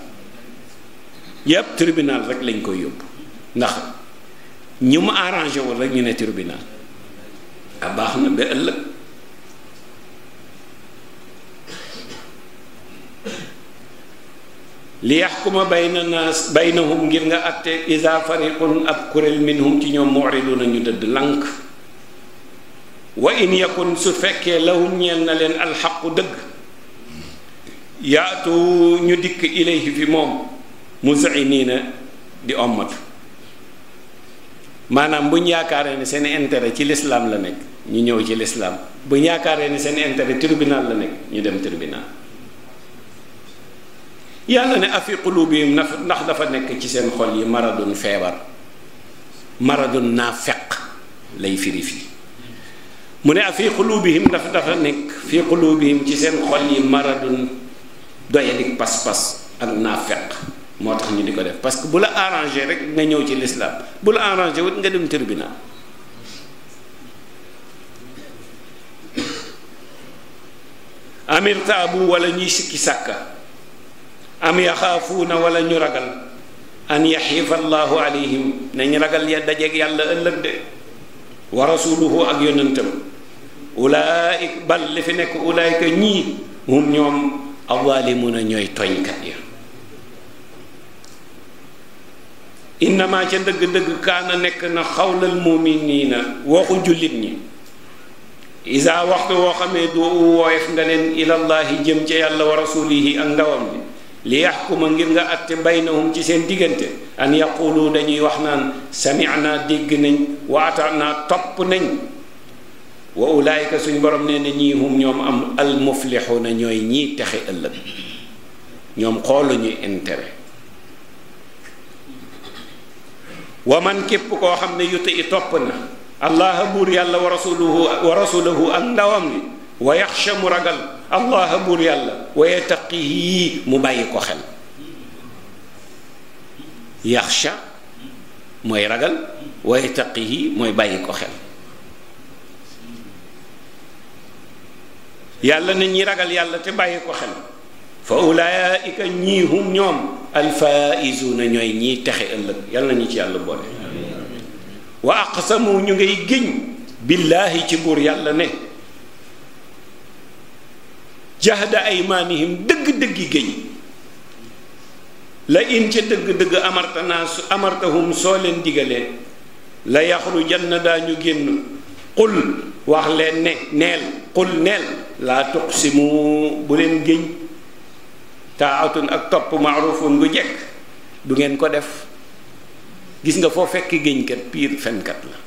yépp tribunal rek lañ koy yóbbu ndax ñu mu arrangé wul rek ñu ne tribunal a ah, baax na ba ëllëg li yaxkuma bayna naas baynahum ngir nga àtte isaa fariqun ak kuréel minhum ci ñoom muriduna ñu dëdd lànk wa in yakun su fekkee lahum ñeen na leen alxaqu dëgg yaatu ñu dikk ilayhi fi moom mu muz'iniina di omat maanaam buñ yaakaaree ne seen intérêt ci lislaam la nekk ñu ñëw ci lislaam buñ yaakaaree ne seen intérêt tribunal la nekk ñu dem tribunal yàlla ne afi qulubihim ndax dafa nekk ci seen xol yi maradun feebar maradun naafeq lay firi fii mu ne afi qulubihim ndax dafa nekk fi qulubihim ci seen xol yi maradun doyadik pas-pas ak naafeq moo tax ñu di ko def parce que bu la arrangé rek nga ñëw ci lislaam bu la arrangé wut nga dem tribunal amirtaabu wala ñuy sikki sàkka am yaxaafuuna wala ñu ragal an yaxiifa allahu alayhim ragal ya dajeeg yàlla ëllëg de wa rasuluhu ak yonentam ulaayik bal li fi nekk ulaayika ñii hum ñoom azaalimuuna ñooy tooñkat ya innama ca dëgg-dëgg kaana nekk na xawlal muminina waxu jullit ñi isa waxtu woo xamee du woyef nga leen ilallahi jëm ca yàlla wa ak ndawam bi li yaxkuma ngir nga atte baynahum ci seen diggante an yaqulu dañuy wax naan sami'na dégg nañ wa topp nañ wa ulaayika suñ borom nee na ñii hum ñoom am almuflixuuna ñooy ñii texe ëllëg ñoom xooluñu intere wa man képp koo xam ne yuti i topp na allaha buur yàlla wa rasuluhu wa rasulahu ak ndawam wi wa yaxsha mu ragal allah buur yàlla wa yii mu bàyyi ko xel yaxsha mooy ragal wa yattaqihi mooy bàyyi ko xel yàlla na ñi ragal yàlla te bàyyi ko xel fa ulaayika ñii hum ñoom alfaaizuuna ñooy ñii texe ëllëg yàlla na ñu ci yàlla boole wa aqsamu ñu ngay géñ billaahi ci buur yàlla ne ay aymaanihim dëgg-dëggi géñ la in ca dëgg-dëgg amartanaa amartahum soo leen digalee la yaxrujanna daañu génn qul wax leen ne neel qul neel laa tuqsimu bu leen géñ taatun ak topp maarufun bu jekk du ngeen ko def gis nga foo fekk géñkat piir fenkat la